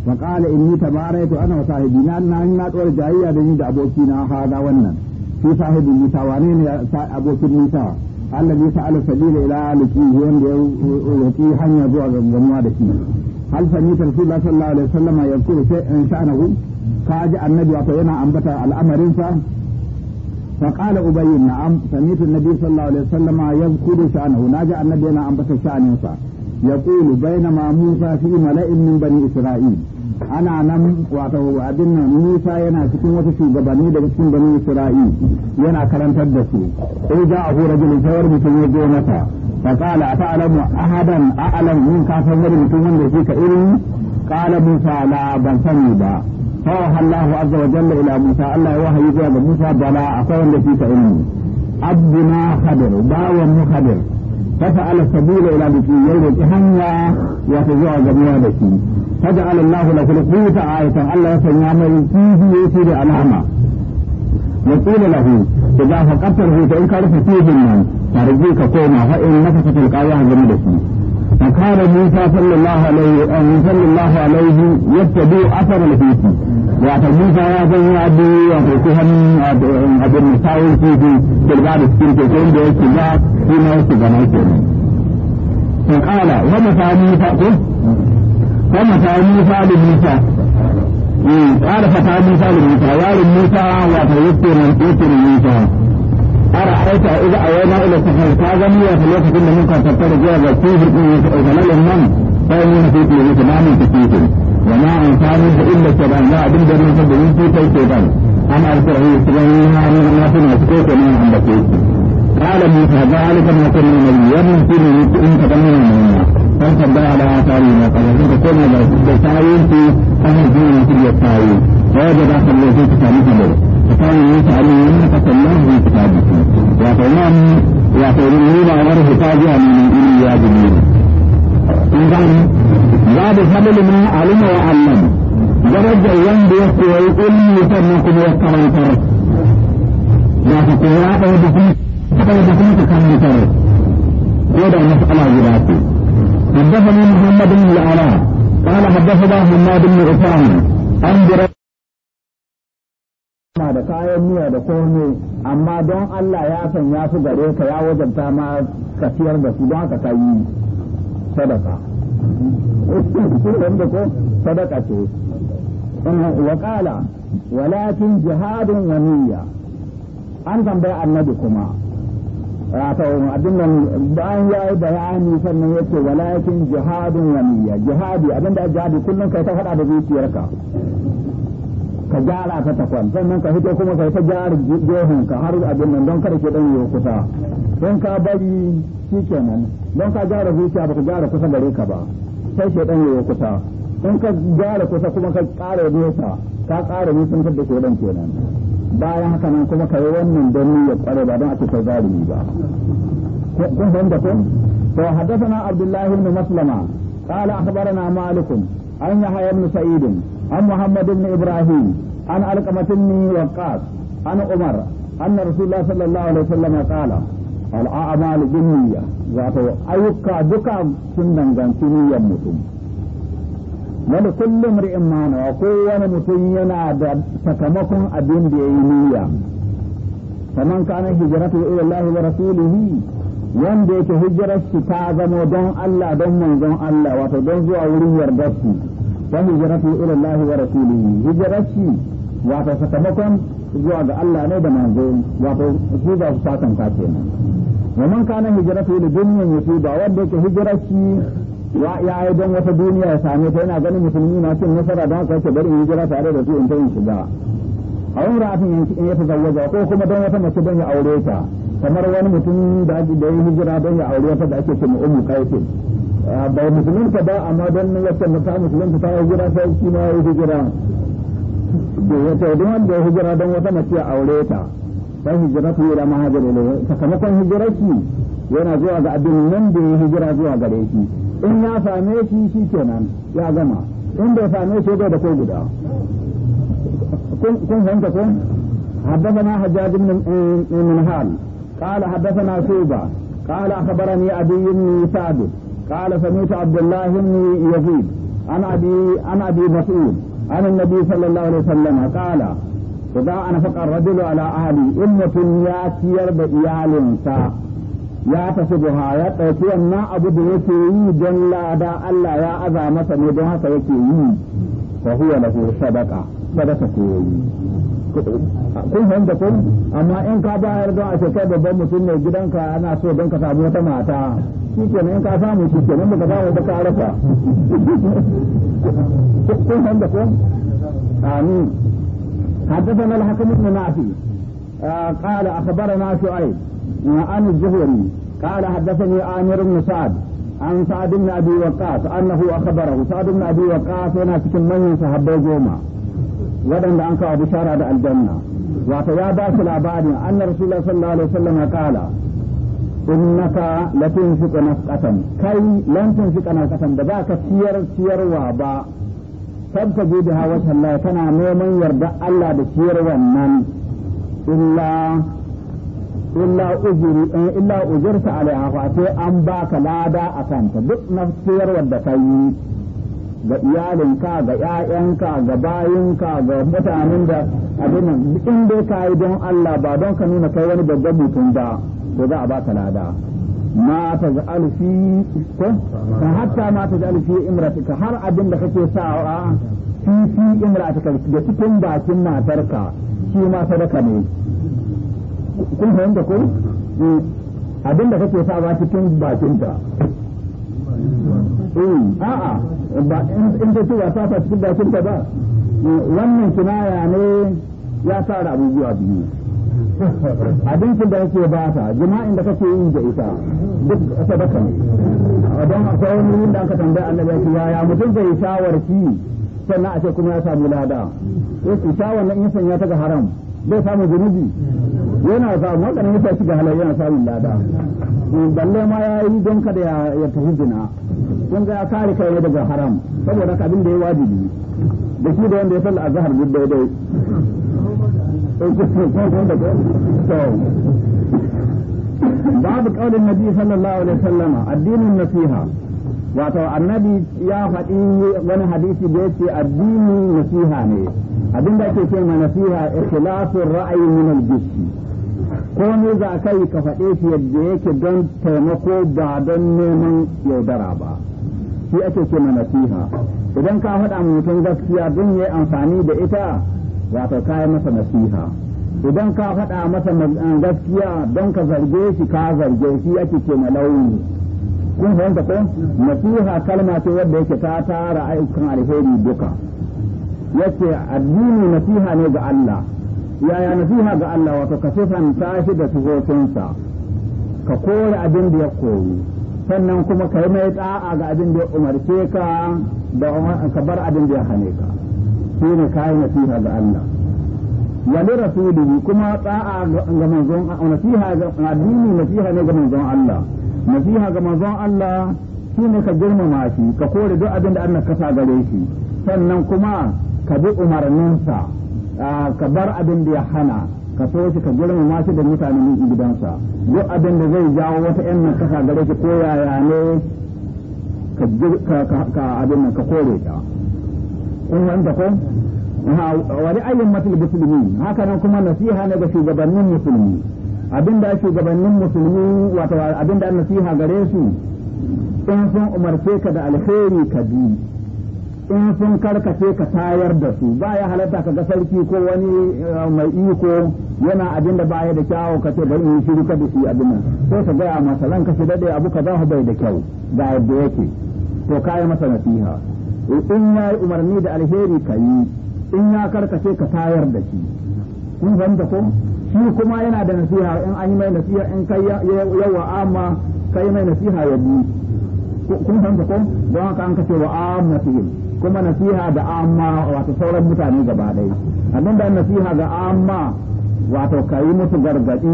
فقال إني تباريت أنا da لأن أنا أقول جاية بني أبوكينا Allah bai sa'ala sabila ila aliki wanda ya roki hanya zuwa ga gamuwa da shi hal fa ni rasulullah sallallahu alaihi wasallam ya kuru sai in sha'anahu ka ji annabi wato yana ambata al'amarin sa fa qala ubay na'am sami'tu annabi sallallahu alaihi wasallam yadhkuru sha'anahu naji annabi yana ambata sha'anin sa yaqulu bainama musa fi mala'in min bani isra'il ana nan wato abin nan Musa yana cikin wasu shugabanni daga cikin bani Isra'il yana karantar da su sai ja abu rajulun sai mutum ya zo masa fa qala ata'lamu ahadan a'lam min ka san wani mutum wanda yake ka irin qala Musa la ban sani ba fa allahu azza wa jalla ila Musa Allah ya wahayi ga Musa bala akwai wanda yake ka irin abduna khadir bawan mu khadir فسأل السبيل إلى بكي يلد إهنيا وتزوى جميع بكي فجعل الله له القوت آية الله سيعمل فيه يسير علامة وقيل له إذا فقدته فإن كان فيه من فرجيك قوما فإن نفست القاية جميع فقال موسى صلى الله عليه صلى الله عليه يتبع أثر الفيتي wato Musa ya zan ya bi wato ko hannun abin musayar kifi kirga da cikin tekun da ya shiga shi na wasu gana ke nan. kala wani ta Musa ko? Wani ta Musa da Musa. Kala eh, fa ta Musa da Musa yaron Musa wato yake nan yake Musa. Ara aita idan a yana ila ta gani lokacin da muka tattara zuwa ga kifin ɗin ya nan sai mun hafi ɗin wa ma amfani da illa shaitan ba abin da nufin da yake kai shaitan an arzura yi su gani na suna su kai kai nan da ke kala mu ta ga alika na kai nan mai yamin kuma ni ku in ka dan nan mai na san da ta yi na kai sun ka kai na da ta yi su an yi jini ku ya ta yi ba da ba san lokacin ka sami ka mai ka ta yi ta yi ni ka san ta yi ya ta nan ta yi ni ba wani hikaji a nan ni ya ji ni babu fadli ma alima wa allam darajar wanda ya koyi ilmi sannan kuma ya karantar ba ka koya ɗaya da kuma ɗaya da kuma ka karantar ko da mas'ala guda ce حدثني محمد بن العلاء قال حدثنا حماد بن عثمان عن na da kayan miya da komai amma don Allah ya san ya fi gare ka ya wajabta ma ka siyar da su don ka kayi sadaka wanda ko walakin jihadun wa niyya an tambaya annabi kuma wato abin nan ya yi bayani sannan ya walakin jihadin wa niyya jihadi abinda jihadi kullum kai ta faɗa da zuciyarka ka gyara ta takwan sannan ka fito kuma ka ta gyara gehen ka har abin nan don kada ke dan yi kusa don ka bari shi kenan don ka gyara zuciya ba ka gyara kusa gare ka ba sai ke dan yi kusa in ka gyara kusa kuma ka ƙara nesa ka ƙara nisan da ke ɗan kenan bayan haka nan kuma ka yi wannan don ya kware ba don a cikin zalimi ba kun da kun to na abdullahi ibn maslama قال أخبرنا مالك an يحيى بن سعيد عن محمد بن إبراهيم عن علقمة بن وقاص an عمر أن رسول الله صلى الله عليه وسلم قال الأعمال بالنية wato ayyuka duka sun danganci niyyar mutum wani kullum ri'in ko wani mutum yana da sakamakon abin da ya yi niyya kaman kana hijiratu ila Allah wa rasulihi wanda yake hijirar shi ta zama don Allah don manzon Allah wato don zuwa wurin yardar shi وهجرته إلى الله ورسوله هجرتي wato sakamakon zuwa ga Allah ne da manzo wato su ba su satan ka kenan wa man kana hijratu li dunyan ba wanda yake hijrarci wa ya ai don wata duniya ya same ta yana ganin musulmi na cin nasara don haka yake bari in hijira tare da su in ta yin shiga a wurin rafin in ya tazawwaja ko kuma don wata mace don ya aure ta kamar wani mutum da ya hijira don ya aure wata da ake ce mu ummu qaisin bai musulunta ba amma don wacce na ta musulunta ta yi gida sai shi ma ya yi hijira da ta yi wanda ya hijira don wata mace a aure ta ta hijira ta yi da mahajar ne sakamakon shi yana zuwa ga abin nan da ya hijira zuwa gare shi in ya same shi shi kenan ya gama in bai same shi bai da ko guda kun fahimta ko حدثنا حجاج بن من حال قال حدثنا شوبه قال abin yin بن ثابت قال سمعت عبد الله بن يزيد عن ابي عن ابي مسعود عن النبي صلى الله عليه وسلم قال إذا أنفق الرجل على أهلي إن mutum ya ciyar da iyalinsa ya tafi buha ya ɗauki wannan abu da yake yi don lada Allah ya aza masa ne don haka yake yi fa huwa lahu yi kun fahimta kun amma in ka bayar don a kai babban mutum ne gidanka ana so don ka samu wata mata shi ke in ka samu shi da baka samu ba ka arafa kun fahimta kun amin حدثنا الحكم بن نافي قال اخبرنا شعيب عن الزهري قال حدثني عامر بن سعد عن سعد بن ابي وقاص انه اخبره سعد بن ابي وقاص هنا سكن من صحابه جمعه waɗanda an kawo bishara da aljanna wato ya ba su labarin annar rasulullah sallallahu alaihi wasallam kala innaka latunfiqu nafqatan kai lan tunfiqa nafqatan da ba ka ciyar ciyarwa ba tabtaji biha wajha Allah kana neman yarda Allah da ciyar wannan illa illa ujiri eh, illa ujirta alaiha fa an baka lada akan ta duk nafsiyar da kai ga iyalinka ga ƴaƴanka ga bayinka ga mutanen da abin in dai ka yi don Allah ba don ka nuna kai wani babban mutum ba to za a ba ka lada ma ta za'al ko ka hatta ma ta za'al fi imratika har abin da kake sawa fi fi imratika da cikin bakin matarka shi ma sadaka ne kun fahimta ko eh, abin da kake sawa cikin bakinta a'a ba in ta ta cikin bakin ka ba wannan kinaya ne ya tara abubuwa biyu abincin da kake ba ta jima'in da kake yi da ita duk sadaka ne don akwai wani wurin da aka tambaya annabi ya ce yaya mutum zai shawarci sannan a ce kuma ya samu lada ce shawar na insan ya ta ga haram bai samu zunubi yana samu wadannan ya ci ga halar yana samun lada balle ma ya yi don kada ya tafi jina. kun ga kare kai daga haram saboda abin da ya wajibi da shi da wanda ya salla azhar duk daidai babu kaulin nabi sallallahu alaihi wasallama addinin nasiha wato annabi ya faɗi wani hadisi da yace addini nasiha ne abin da ake ce ma nasiha ikhlasur ra'ayi min al ko ne za kai ka faɗe shi yadda yake don taimako ba don neman yaudara ba shi ake ce ma nasiha idan ka faɗa mutum gaskiya don yayi amfani da ita wato kai masa nasiha idan ka faɗa masa eh, gaskiya don ka zarge shi ka zarge shi ake ce ma launi kun fahimta ko nasiha kalma ce wadda yake ta tara ayyukan alheri duka yace addini nasiha ne ga Allah yaya nasiha ga Allah wato ka sifanta shi da sifofinsa ka kore abin da ya koyi sannan kuma ka yi mai da'a ga abin da ya umarce ka da ka bar abin da ya hane ka shi ne kayi nasiha ga Allah wani rasuli kuma da'a ga manzon nasiha ga addini nasiha ne ga manzon Allah nasiha ga manzon Allah shi ne ka girmama shi ka kore duk abin da Allah ka sa gare shi sannan kuma ka bi umarninsa ka bar abin da ya hana ka so shi ka girmama shi da mutane mutanen gidansa duk abin da zai jawo wata yan nan kasa gare shi ko yaya ne ka abin nan ka kore ta kun wanda ko wani ra'ayin matul musulmi haka nan kuma nasiha ne ga shugabannin musulmi abin da shugabannin musulmi wato abin da nasiha gare su in sun umarce ka da alheri ka bi in sun karkace ka tayar da su ba ya halatta ka ga sarki ko wani eh, mai iko yana abin da baya da kyawu ka ce bari in shiru ka da shi abin nan ko ka gaya masa ka shi dade abu ka za bai da kyau da yadda yake to ka yi masa nasiha in ya yi umarni da alheri ka yi in ya karkace ka tayar da shi kun san da ko shi kuma yana da nasiha in an yi mai nasiha in kai yawa amma kai mai nasiha ya bi kun san da ko don haka an kace wa amnatihim kuma nasiha da amma wato sauran mutane gaba ɗaya abin da nasiha ga amma wato ka yi musu gargaɗi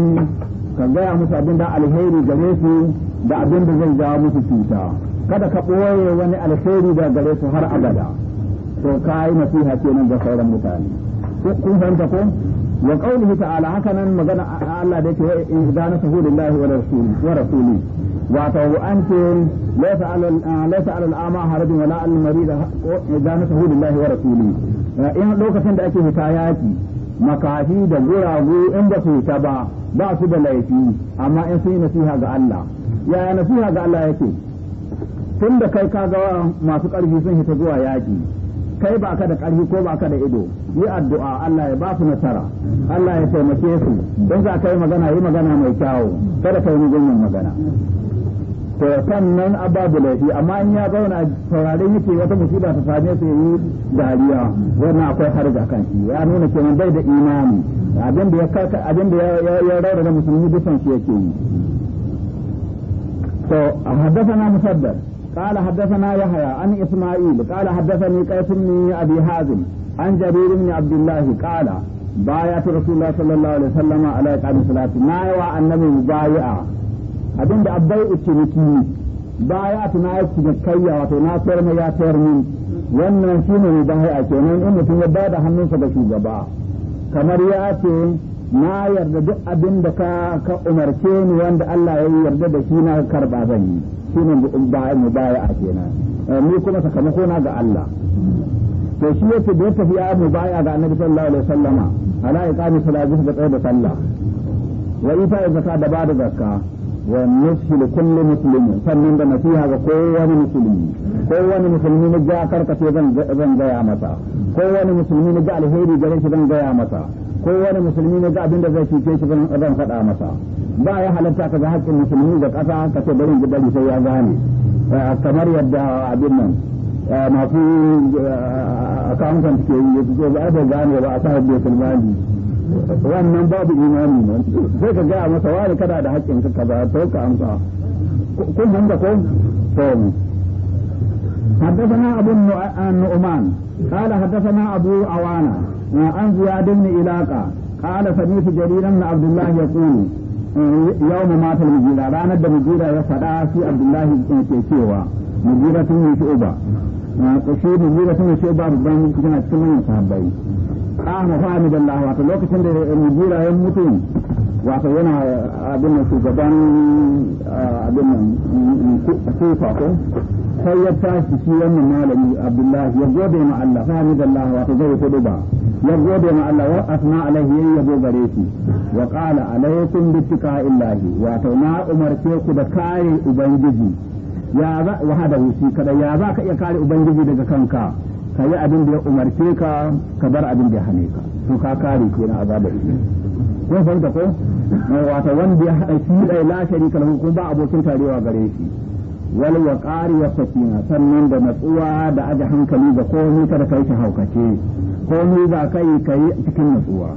ka gaya musu abin da alheri gare su da abin da zai jawo musu cuta kada ka ɓoye wani alheri da gare su har abada to ka yi nasiha kenan ga sauran mutane kun fahimta ko wa qaulihi ta'ala haka nan magana Allah da yake wa idza nasahu lillahi wa rasuli wa rasuli wato an ce laisa alal ama harajin wala al marida idan nasahu wa rasuli in lokacin da ake fita yaki makafi da guragu in ba su ta ba ba su da laifi amma in sun yi nasiha ga Allah yaya nasiha ga Allah yake tun da kai ka ga masu ƙarfi sun hita zuwa yaki kai ba ka da ƙarfi ko ba ka da ido yi addu'a Allah ya ba su nasara Allah ya taimake su don za ka yi magana yi magana mai kyau kada ka yi mugumin magana to sannan babu laifi amma in ya zauna saurare yake wata musiba ta same su yi dariya wannan akwai harga kan shi ya nuna kenan bai da imani abin da ya kaka abin da ya ya raura da musulmi bisan shi yake yi to haddathana musaddad قال حدثنا يحيى عن اسماعيل قال حدثني قيس بن ابي حازم عن جرير بن عبد الله قال بايعت رسول الله صلى الله عليه وسلم على اقام الصلاه ما يوى النبي بايعه abin da abbai ciniki ne baya ta na yaki da kayya wato na sayar mai ya sayar min wannan shi ne ba a kenan in mutum ya bada hannunsa ga shugaba kamar ya ce na yarda duk abin da ka ka umarce ni wanda Allah ya yarda da shi na karba zan yi shi ne mu a kenan eh, ni kuma sakamako na ga Allah to shi yake da ya tafi ya mu baya ga Annabi sallallahu alaihi wasallama ala iqami salati da tsaye da sallah wa ita zakka da ba da zakka wa nushi da musulmi sannan da nasiha ga kowane musulmi kowane musulmi na ja karkace zan gaya masa kowane musulmi na ga alheri gare shi zan gaya masa kowane musulmi na ga abin zai cike shi zan faɗa masa ba ya halatta ka ga haƙƙin musulmi ga ƙasa ka ce bari bari sai ya gane kamar yadda abin nan masu akawuntan ke yi ya fito ba a gane ba a sa da musulmani wannan babu imani ne sai ka gaya masa wani kada da haƙƙin ka kaza to ka amsa kun da ko to حدثنا أبو النعمان قال حدثنا أبو عوانة عن زياد بن إلاقة قال سمعت جرير بن عبد الله يقول يوم مات المجيرة رانا دا مجيرة يفدا في عبد الله كيكيوا مجيرة من شعبة قشير مجيرة من شعبة ببان كنا تكلم صحابي kama fahimi da Allah wato lokacin da mugira ya mutu wato yana eh, abin da shugaban eh, abin da mm, mm, kufa ko sai ya tashi shi wannan malami Abdullahi ya gode ma Allah fahimi da Allah wato zai kudu ba ya gode ma Allah wa asma alaihi ya yabo gare shi wa qala alaikum bi illahi wato na umarce ku da kare ubangiji ya za wa hada shi kada ya za ka iya kare ubangiji daga kanka ka yi abin da ya umarce ka ka bar abin da ya hane ka to ka kare kenan azabar ko fahimta ko wato wanda ya haɗa shi ɗai la sharika lahu kuma ba abokin tarewa gare shi wal ya wa sakina sannan da natsuwa da aje hankali ga komai da kai shi haukace komai ba kai kai cikin natsuwa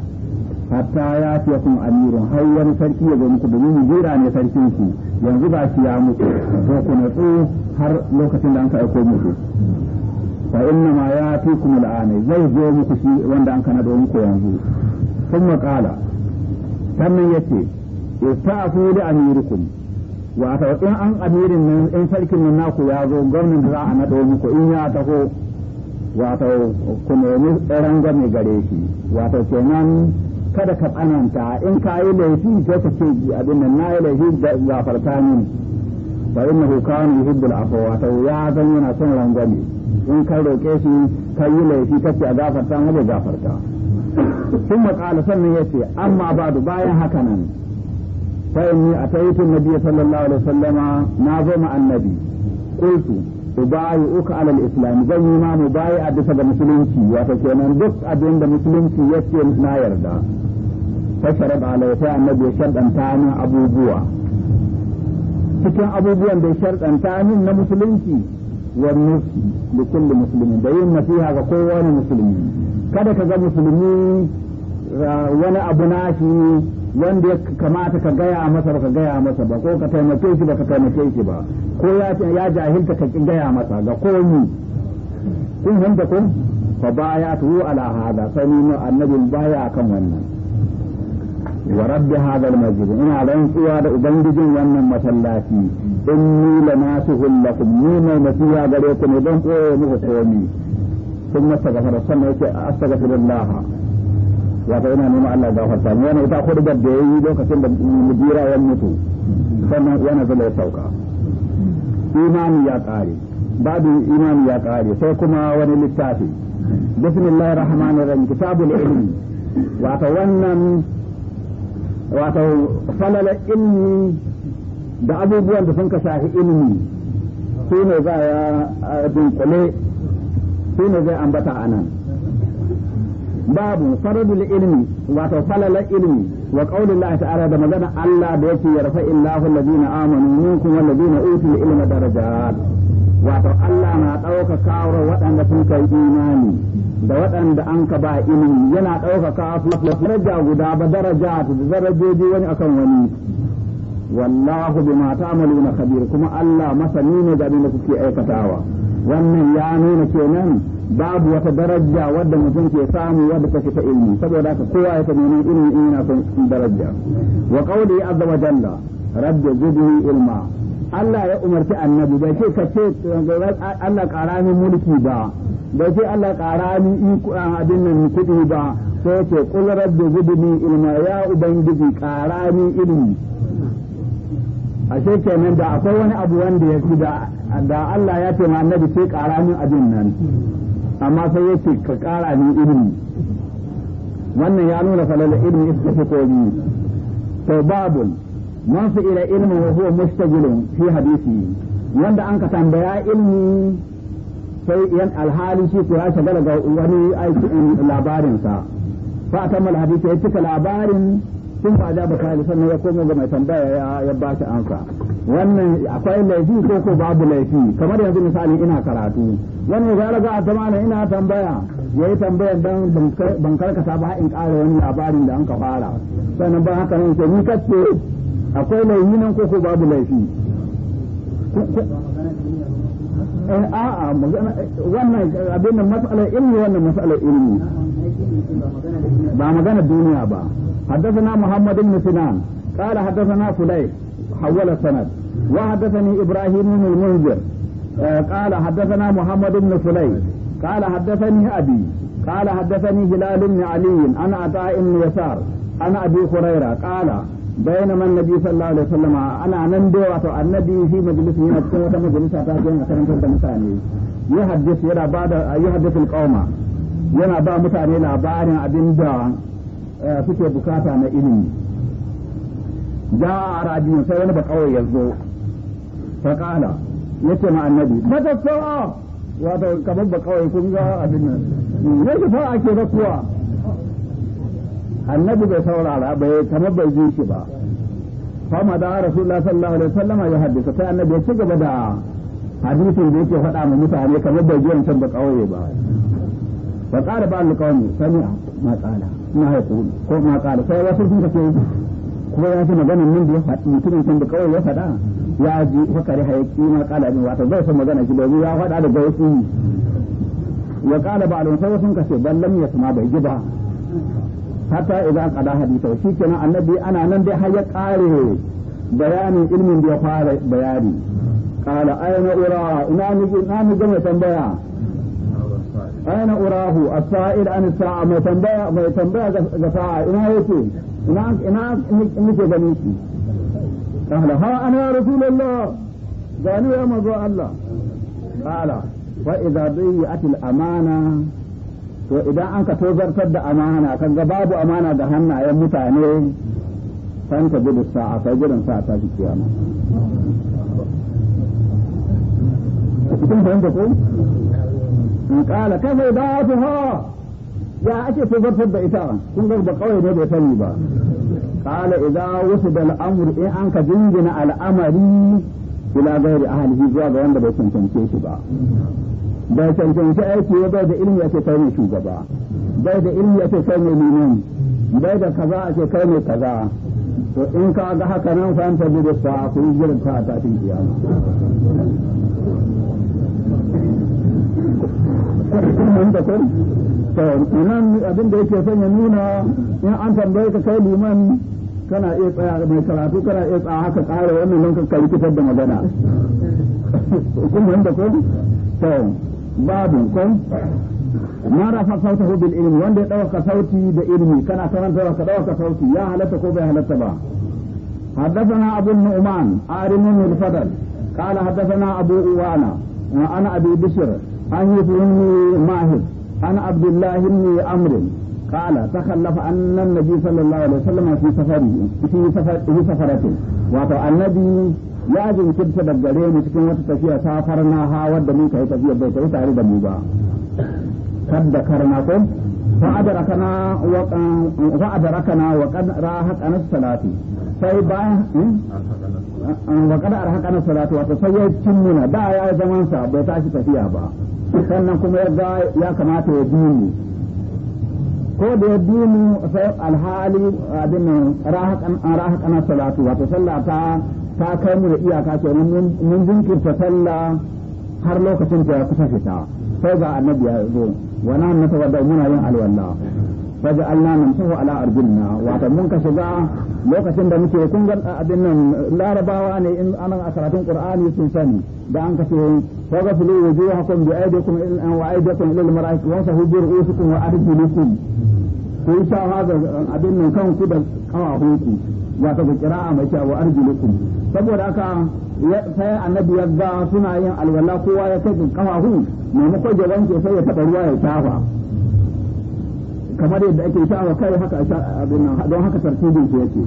hatta ya ya kuma amirun har wani sarki ya zo muku domin jira ne sarkin ku yanzu ba shi ya mutu to ku natsu har lokacin da an ka aiko muku fa inna ma ya fi kuma zai zo muku shi wanda an kana da yanzu sun maƙala sannan ya ce ista'afu da amirikum wata in an amirin nan in sarkin nan naku ya zo gwamnan da za a naɗo muku in ya taho wata ku nemi tsaron gwamnan gare shi wata kenan kada ka tsananta in ka yi laifi sai ka ce abin nan na yi laifi da gafarta fa innahu kana yuhibbul afwa wata ya zan yana son rangwame in ka roƙe shi ka yi laifi ka ce a gafarta ma bai gafarta sun maƙala sannan ya ce amma ba da bayan haka nan fa inni ataitu nabiyyi sallallahu alaihi wasallama na zo ma annabi qultu ubayi uka alal islam zan yi ma mu bayi a bisa ga musulunci wato kenan duk abin da musulunci yake na yarda fa sharaba alai sai annabi ya sharɗanta min abubuwa cikin abubuwan da ya sharɗanta min na musulunci wa nufi da kulli musulmi da yin nasiha ga kowane musulmi kada ka ga musulmi wani abu nashi wanda ya kamata ka gaya masa ba ka gaya masa ba ko ka taimake shi ba ka taimake ba ko ya jahilta ka gaya masa ga komi kun hanta ko fa baya tuhu ala hada sani mu annabin baya kan wannan wa rabbi hadha al ina rantsuwa da ubangijin wannan masallaci inni lanasihul lakum ni mai nasiha gare ku ne don koyo muku komi sun masa sannan yake wato neman Allah ya gafarta ni yana ita da lokacin da ya mutu sannan yana zalla ya sauka imani ya kare babu imani ya kare sai kuma wani littafi bismillahir rahmanir rahim kitabul ilmi wato wannan wato falala ilmi da abubuwan da sun ka shafi ilimi su ne za ya dunkule su ne zai ambata a nan babu faradul ilmi wato falalar ilmi wa qaulin Allah ta'ala da magana Allah da yake yarfa illahu alladhina amanu minkum walladhina utul ilma darajat wato Allah na dauka wa waɗanda sun kai imani da waɗanda an ka ba ilimi yana ɗaukaka su daraja guda ba daraja da darajoji wani akan wani wallahu bima ta'maluna khabir kuma Allah masani ne ga da kuke aikatawa wannan ya nuna kenan babu wata daraja wadda mutum ke samu wadda fi ta ilmi saboda haka kowa ya ta neman ilmi in yana son daraja wa qawli azza wa jalla rabbi zidni ilma Allah ya umarci annabi bai ce ka ce Allah ƙara ni mulki ba bai ce Allah ƙara ni abin nan kuɗi ba sai ce kul rabbi zidni ilma ya ubangiji ƙara ni ilmi ashe kenan da akwai wani abu wanda ya fi da Allah ya ce ma annabi ce ƙara min abin nan amma sai ya ce ka ƙara min irin wannan ya nuna falala irin ita fi komi to babul man fi ila ilmin wa huwa mustajilun fi hadisi wanda an ka tambaya ilmi sai yan alhali shi ko ya shagala ga wani aiki labarinsa fa ta mal hadisi ya cika labarin sun fa da baka sannan ya komo ga mai tambaya ya ba shi ansa wannan akwai laifi ko ko babu laifi kamar yanzu misali ina karatu wannan ya raga a zamanin ina tambaya ya yi tambayar dan ban karkata ba in ƙara wani labarin da an ka fara sannan ba haka nan ke ni kace akwai laifi nan ko ko babu laifi eh, a'a eh, wannan abin da matsalar ilmi wannan matsalar ilmi ba الدنيا با حدثنا محمد بن سنان قال حدثنا فليح حول السند وحدثني ابراهيم بن المنذر آه، قال حدثنا محمد بن فليح قال حدثني ابي قال حدثني هلال بن علي انا عطاء بن يسار انا ابي هريره قال بينما النبي صلى الله عليه وسلم انا نندي واتو النبي في مجلس من مجلس مجلس اتاكي مجلس كنت مجلس يحدث يرى بعد يحدث القوم yana ba mutane labarin abin da eh, suke bukata na ilimi ja a rajin sai wani bakawai ya zo faƙala ya ce ma annabi mata sa'a wato kamar bakawai kun ga abin nan ya fara ake da kuwa annabi bai saurara bai kamar bai ji shi ba fama da rasulullah sallallahu alaihi wasallam ya haddisa sai annabi ya ci gaba da hadisin da yake faɗa ma mutane kamar bai ji wancan bakawai ba wa qala ba'd al-qawmi sami'a ma qala ma yaqul ko ma qala sai wasu sun kace ko ya ji maganar nan da ya faɗi mutumin can da kawai ya faɗa ya ji fakari hayaki ma qala bin wato bai san magana shi domin ya faɗa da gausi wa ba ba'd sai sun kace ban ya suma bai ji ba hatta idan qada hadisa shi kenan annabi ana nan dai har ya kare bayanin ilmin da ya fara bayani qala ayna ura ina ni ina ni gama tambaya aina urahu as-sa'il an sa'a mai tambaya mai ina yake ina ina muke ganin shi qala ha ana rasulullah gani ya manzo Allah qala wa amana to idan an ka tozartar da amana kan ga babu amana da hannayen mutane san ka gudu sa'a kai gudun sa'a ta shi kiyama kun fahimta ko in kala ka zai ba ya ake ku zartar da ita kun zarba kawai ne bai sani ba kala idan wasu da al'amur in an ka jingina al'amari ila gairi ahalihi zuwa ga wanda bai cancance shi ba bai cancanci aiki ya bai da ilimi ya ce kai ne shugaba bai da ilimi ya kai ne limam bai da kaza a kai ne kaza to in ka ga haka nan fahimta da ku yi jiran a tafin kiyama mun da kun to nan abin da yake son ya nuna in an tambaye ka kai liman kana iya tsaya mai karatu kana iya tsaya haka tsara wannan nan ka rikitar da magana kun mun da kun to babu kun ma rafa sautahu bil ilmi wanda ya dauka sauti da ilmi kana karanta ka dauka sauti ya halatta ko bai halatta ba حدثنا أبو النعمان عارم بن الفضل قال حدثنا أبو أوانا وأنا أبي بشر عن يوسف بن ماهر عن عبد الله بن عمرو قال تخلف أن النبي صلى الله عليه وسلم في سفره في سفر في سفرته وأتى النبي لازم كنت دغري مسكين وتتفيا سافرناها ود من كاي تفيا بيت وتعري دمو با قد ذكرناكم فأدركنا وقد فأدركنا وقد راحت أنا الصلاة sai bayan wa kada arhaqana salatu wa sai ya cimmuna da ya zaman sa bai tashi tafiya ba sannan kuma yadda ya kamata ya dini ko da ya dini sai alhali abin raha kana salatu wato sallah ta ta kai mu da iyaka ce mun jinkirta sallah har lokacin da ya kusa fita sai ga annabi ya zo wa na wadda muna yin alwala faja Allah nan sahu ala arjunna wato mun ka shiga lokacin da muke kun ga abin nan larabawa ne in anan a karatun qur'ani sun sani da an ka ce fa ghasulu wujuhakum bi aydikum wa aydikum lil mara'ik wa sahu bi wa arjulukum ko ta haza abin nan kanku da kawahunku wato ga kira'a mai cewa wa arjulukum saboda haka sai annabi ya ga suna yin alwala kowa ya kai kafafu maimakon ya wanke sai ya taɓa ruwa ya tafa kamar yadda ake wa kai haka abin don haka tartibin shi yake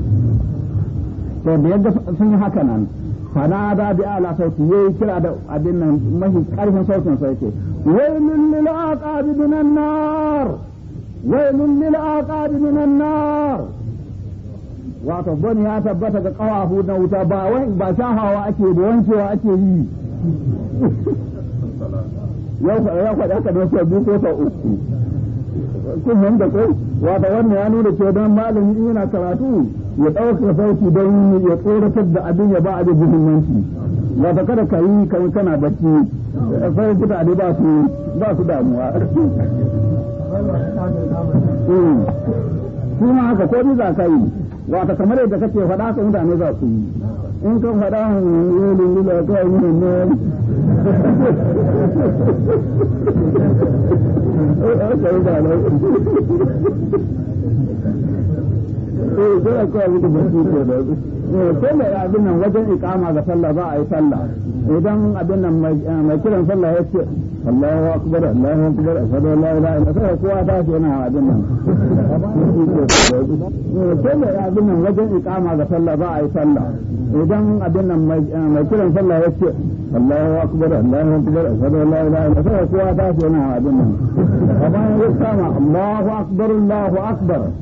to da yadda sun yi haka nan fana da bi ala sauti yayi kira da abin nan mahi karfin sautin sa yake waylun lil aqabi minan nar waylun lil aqabi minan nar wato bani ya tabbata ga kawafu na wuta ba wai ba shahawa ake da wancewa ake yi yau faɗa ka da sau biyu ta uku kun nan da kai wata wannan ya nuna cewa don malami in yana karatu ya dauka sauki don ya tsoratar da abin ya ba a da muhimmanci wata kada ka yi kana bacci sai da ba su ba su damuwa hmm. kuma haka ko ni za ka yi ta kamar yadda kake faɗa ka mutane za su yi in ka faɗa yau da yi da kawai yi ne aka yi ba eh a koya da abin nan wajen ikama ga sallah za a yi sallah idan abin nan mai kiran sallah ya ce Allahu akbar Allahu akbar ashhadu an la ilaha illa Allah kowa ta ce yana abin nan abin nan wajen ikama ga sallah za a yi sallah idan abin nan mai kiran sallah ya ce Allahu akbar Allahu akbar ashhadu an la ilaha illa Allah kowa ta ce yana abin nan ya kama Allahu akbar Allahu akbar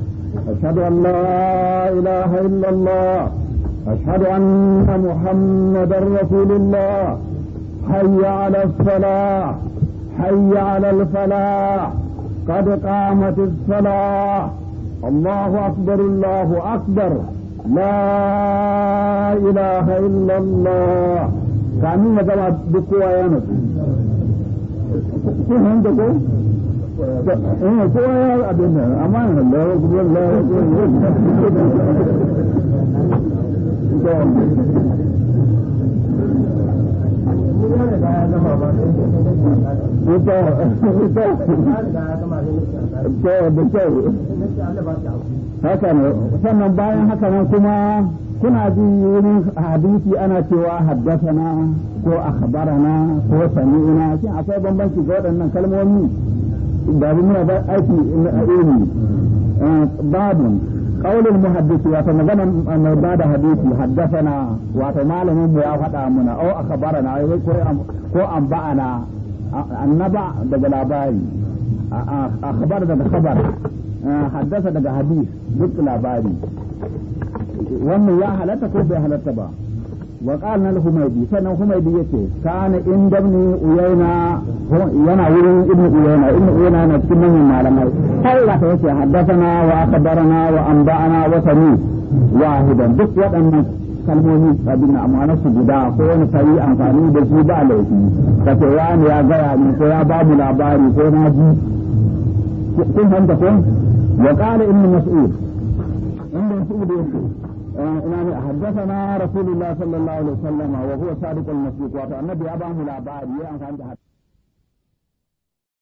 أشهد أن لا إله إلا الله أشهد أن محمدا رسول الله حي على الصلاة حي على الفلاح قد قامت الصلاة الله أكبر الله أكبر لا إله إلا الله كان مجمع بقوة يا نبي كيف عندكم؟ eh kowa ya abin nan amma Allah ya kuma Allah ya sannan bayan haka nan kuma kuna ji wurin hadisi ana cewa haddasana ko akhbarana ko sami'ina shin akwai bambanci ga waɗannan kalmomi babu muna ba aiki na ilimi babu قول المحدث وتمغنا من بعد حديثي حدثنا وتمال من يا فدا منا او اخبرنا اي ko anba'ana annaba daga labari akhbar daga khabar haddasa daga hadis duk labari wannan ya halatta ko bai halatta ba wa qala al humaydi sannan humaydi yace kana inda ibn uyayna yana wurin ibn uyayna ibn uyayna na cikin manyan malamai sai da ta yace haddathana wa akhbarana wa anba'ana wa sami wahidan duk waɗannan kalmomi abin amana su guda ko wani sai amfani da su ba laifi kace wani ya gaya ni ko ya ba mu labari ko na ji kun fahimta ko wa qala ibn mas'ud inda mas'ud yace حدثنا رسول الله صلى الله عليه وسلم وهو صادق المصدوق وأن النبي أبا ملابار يأنفع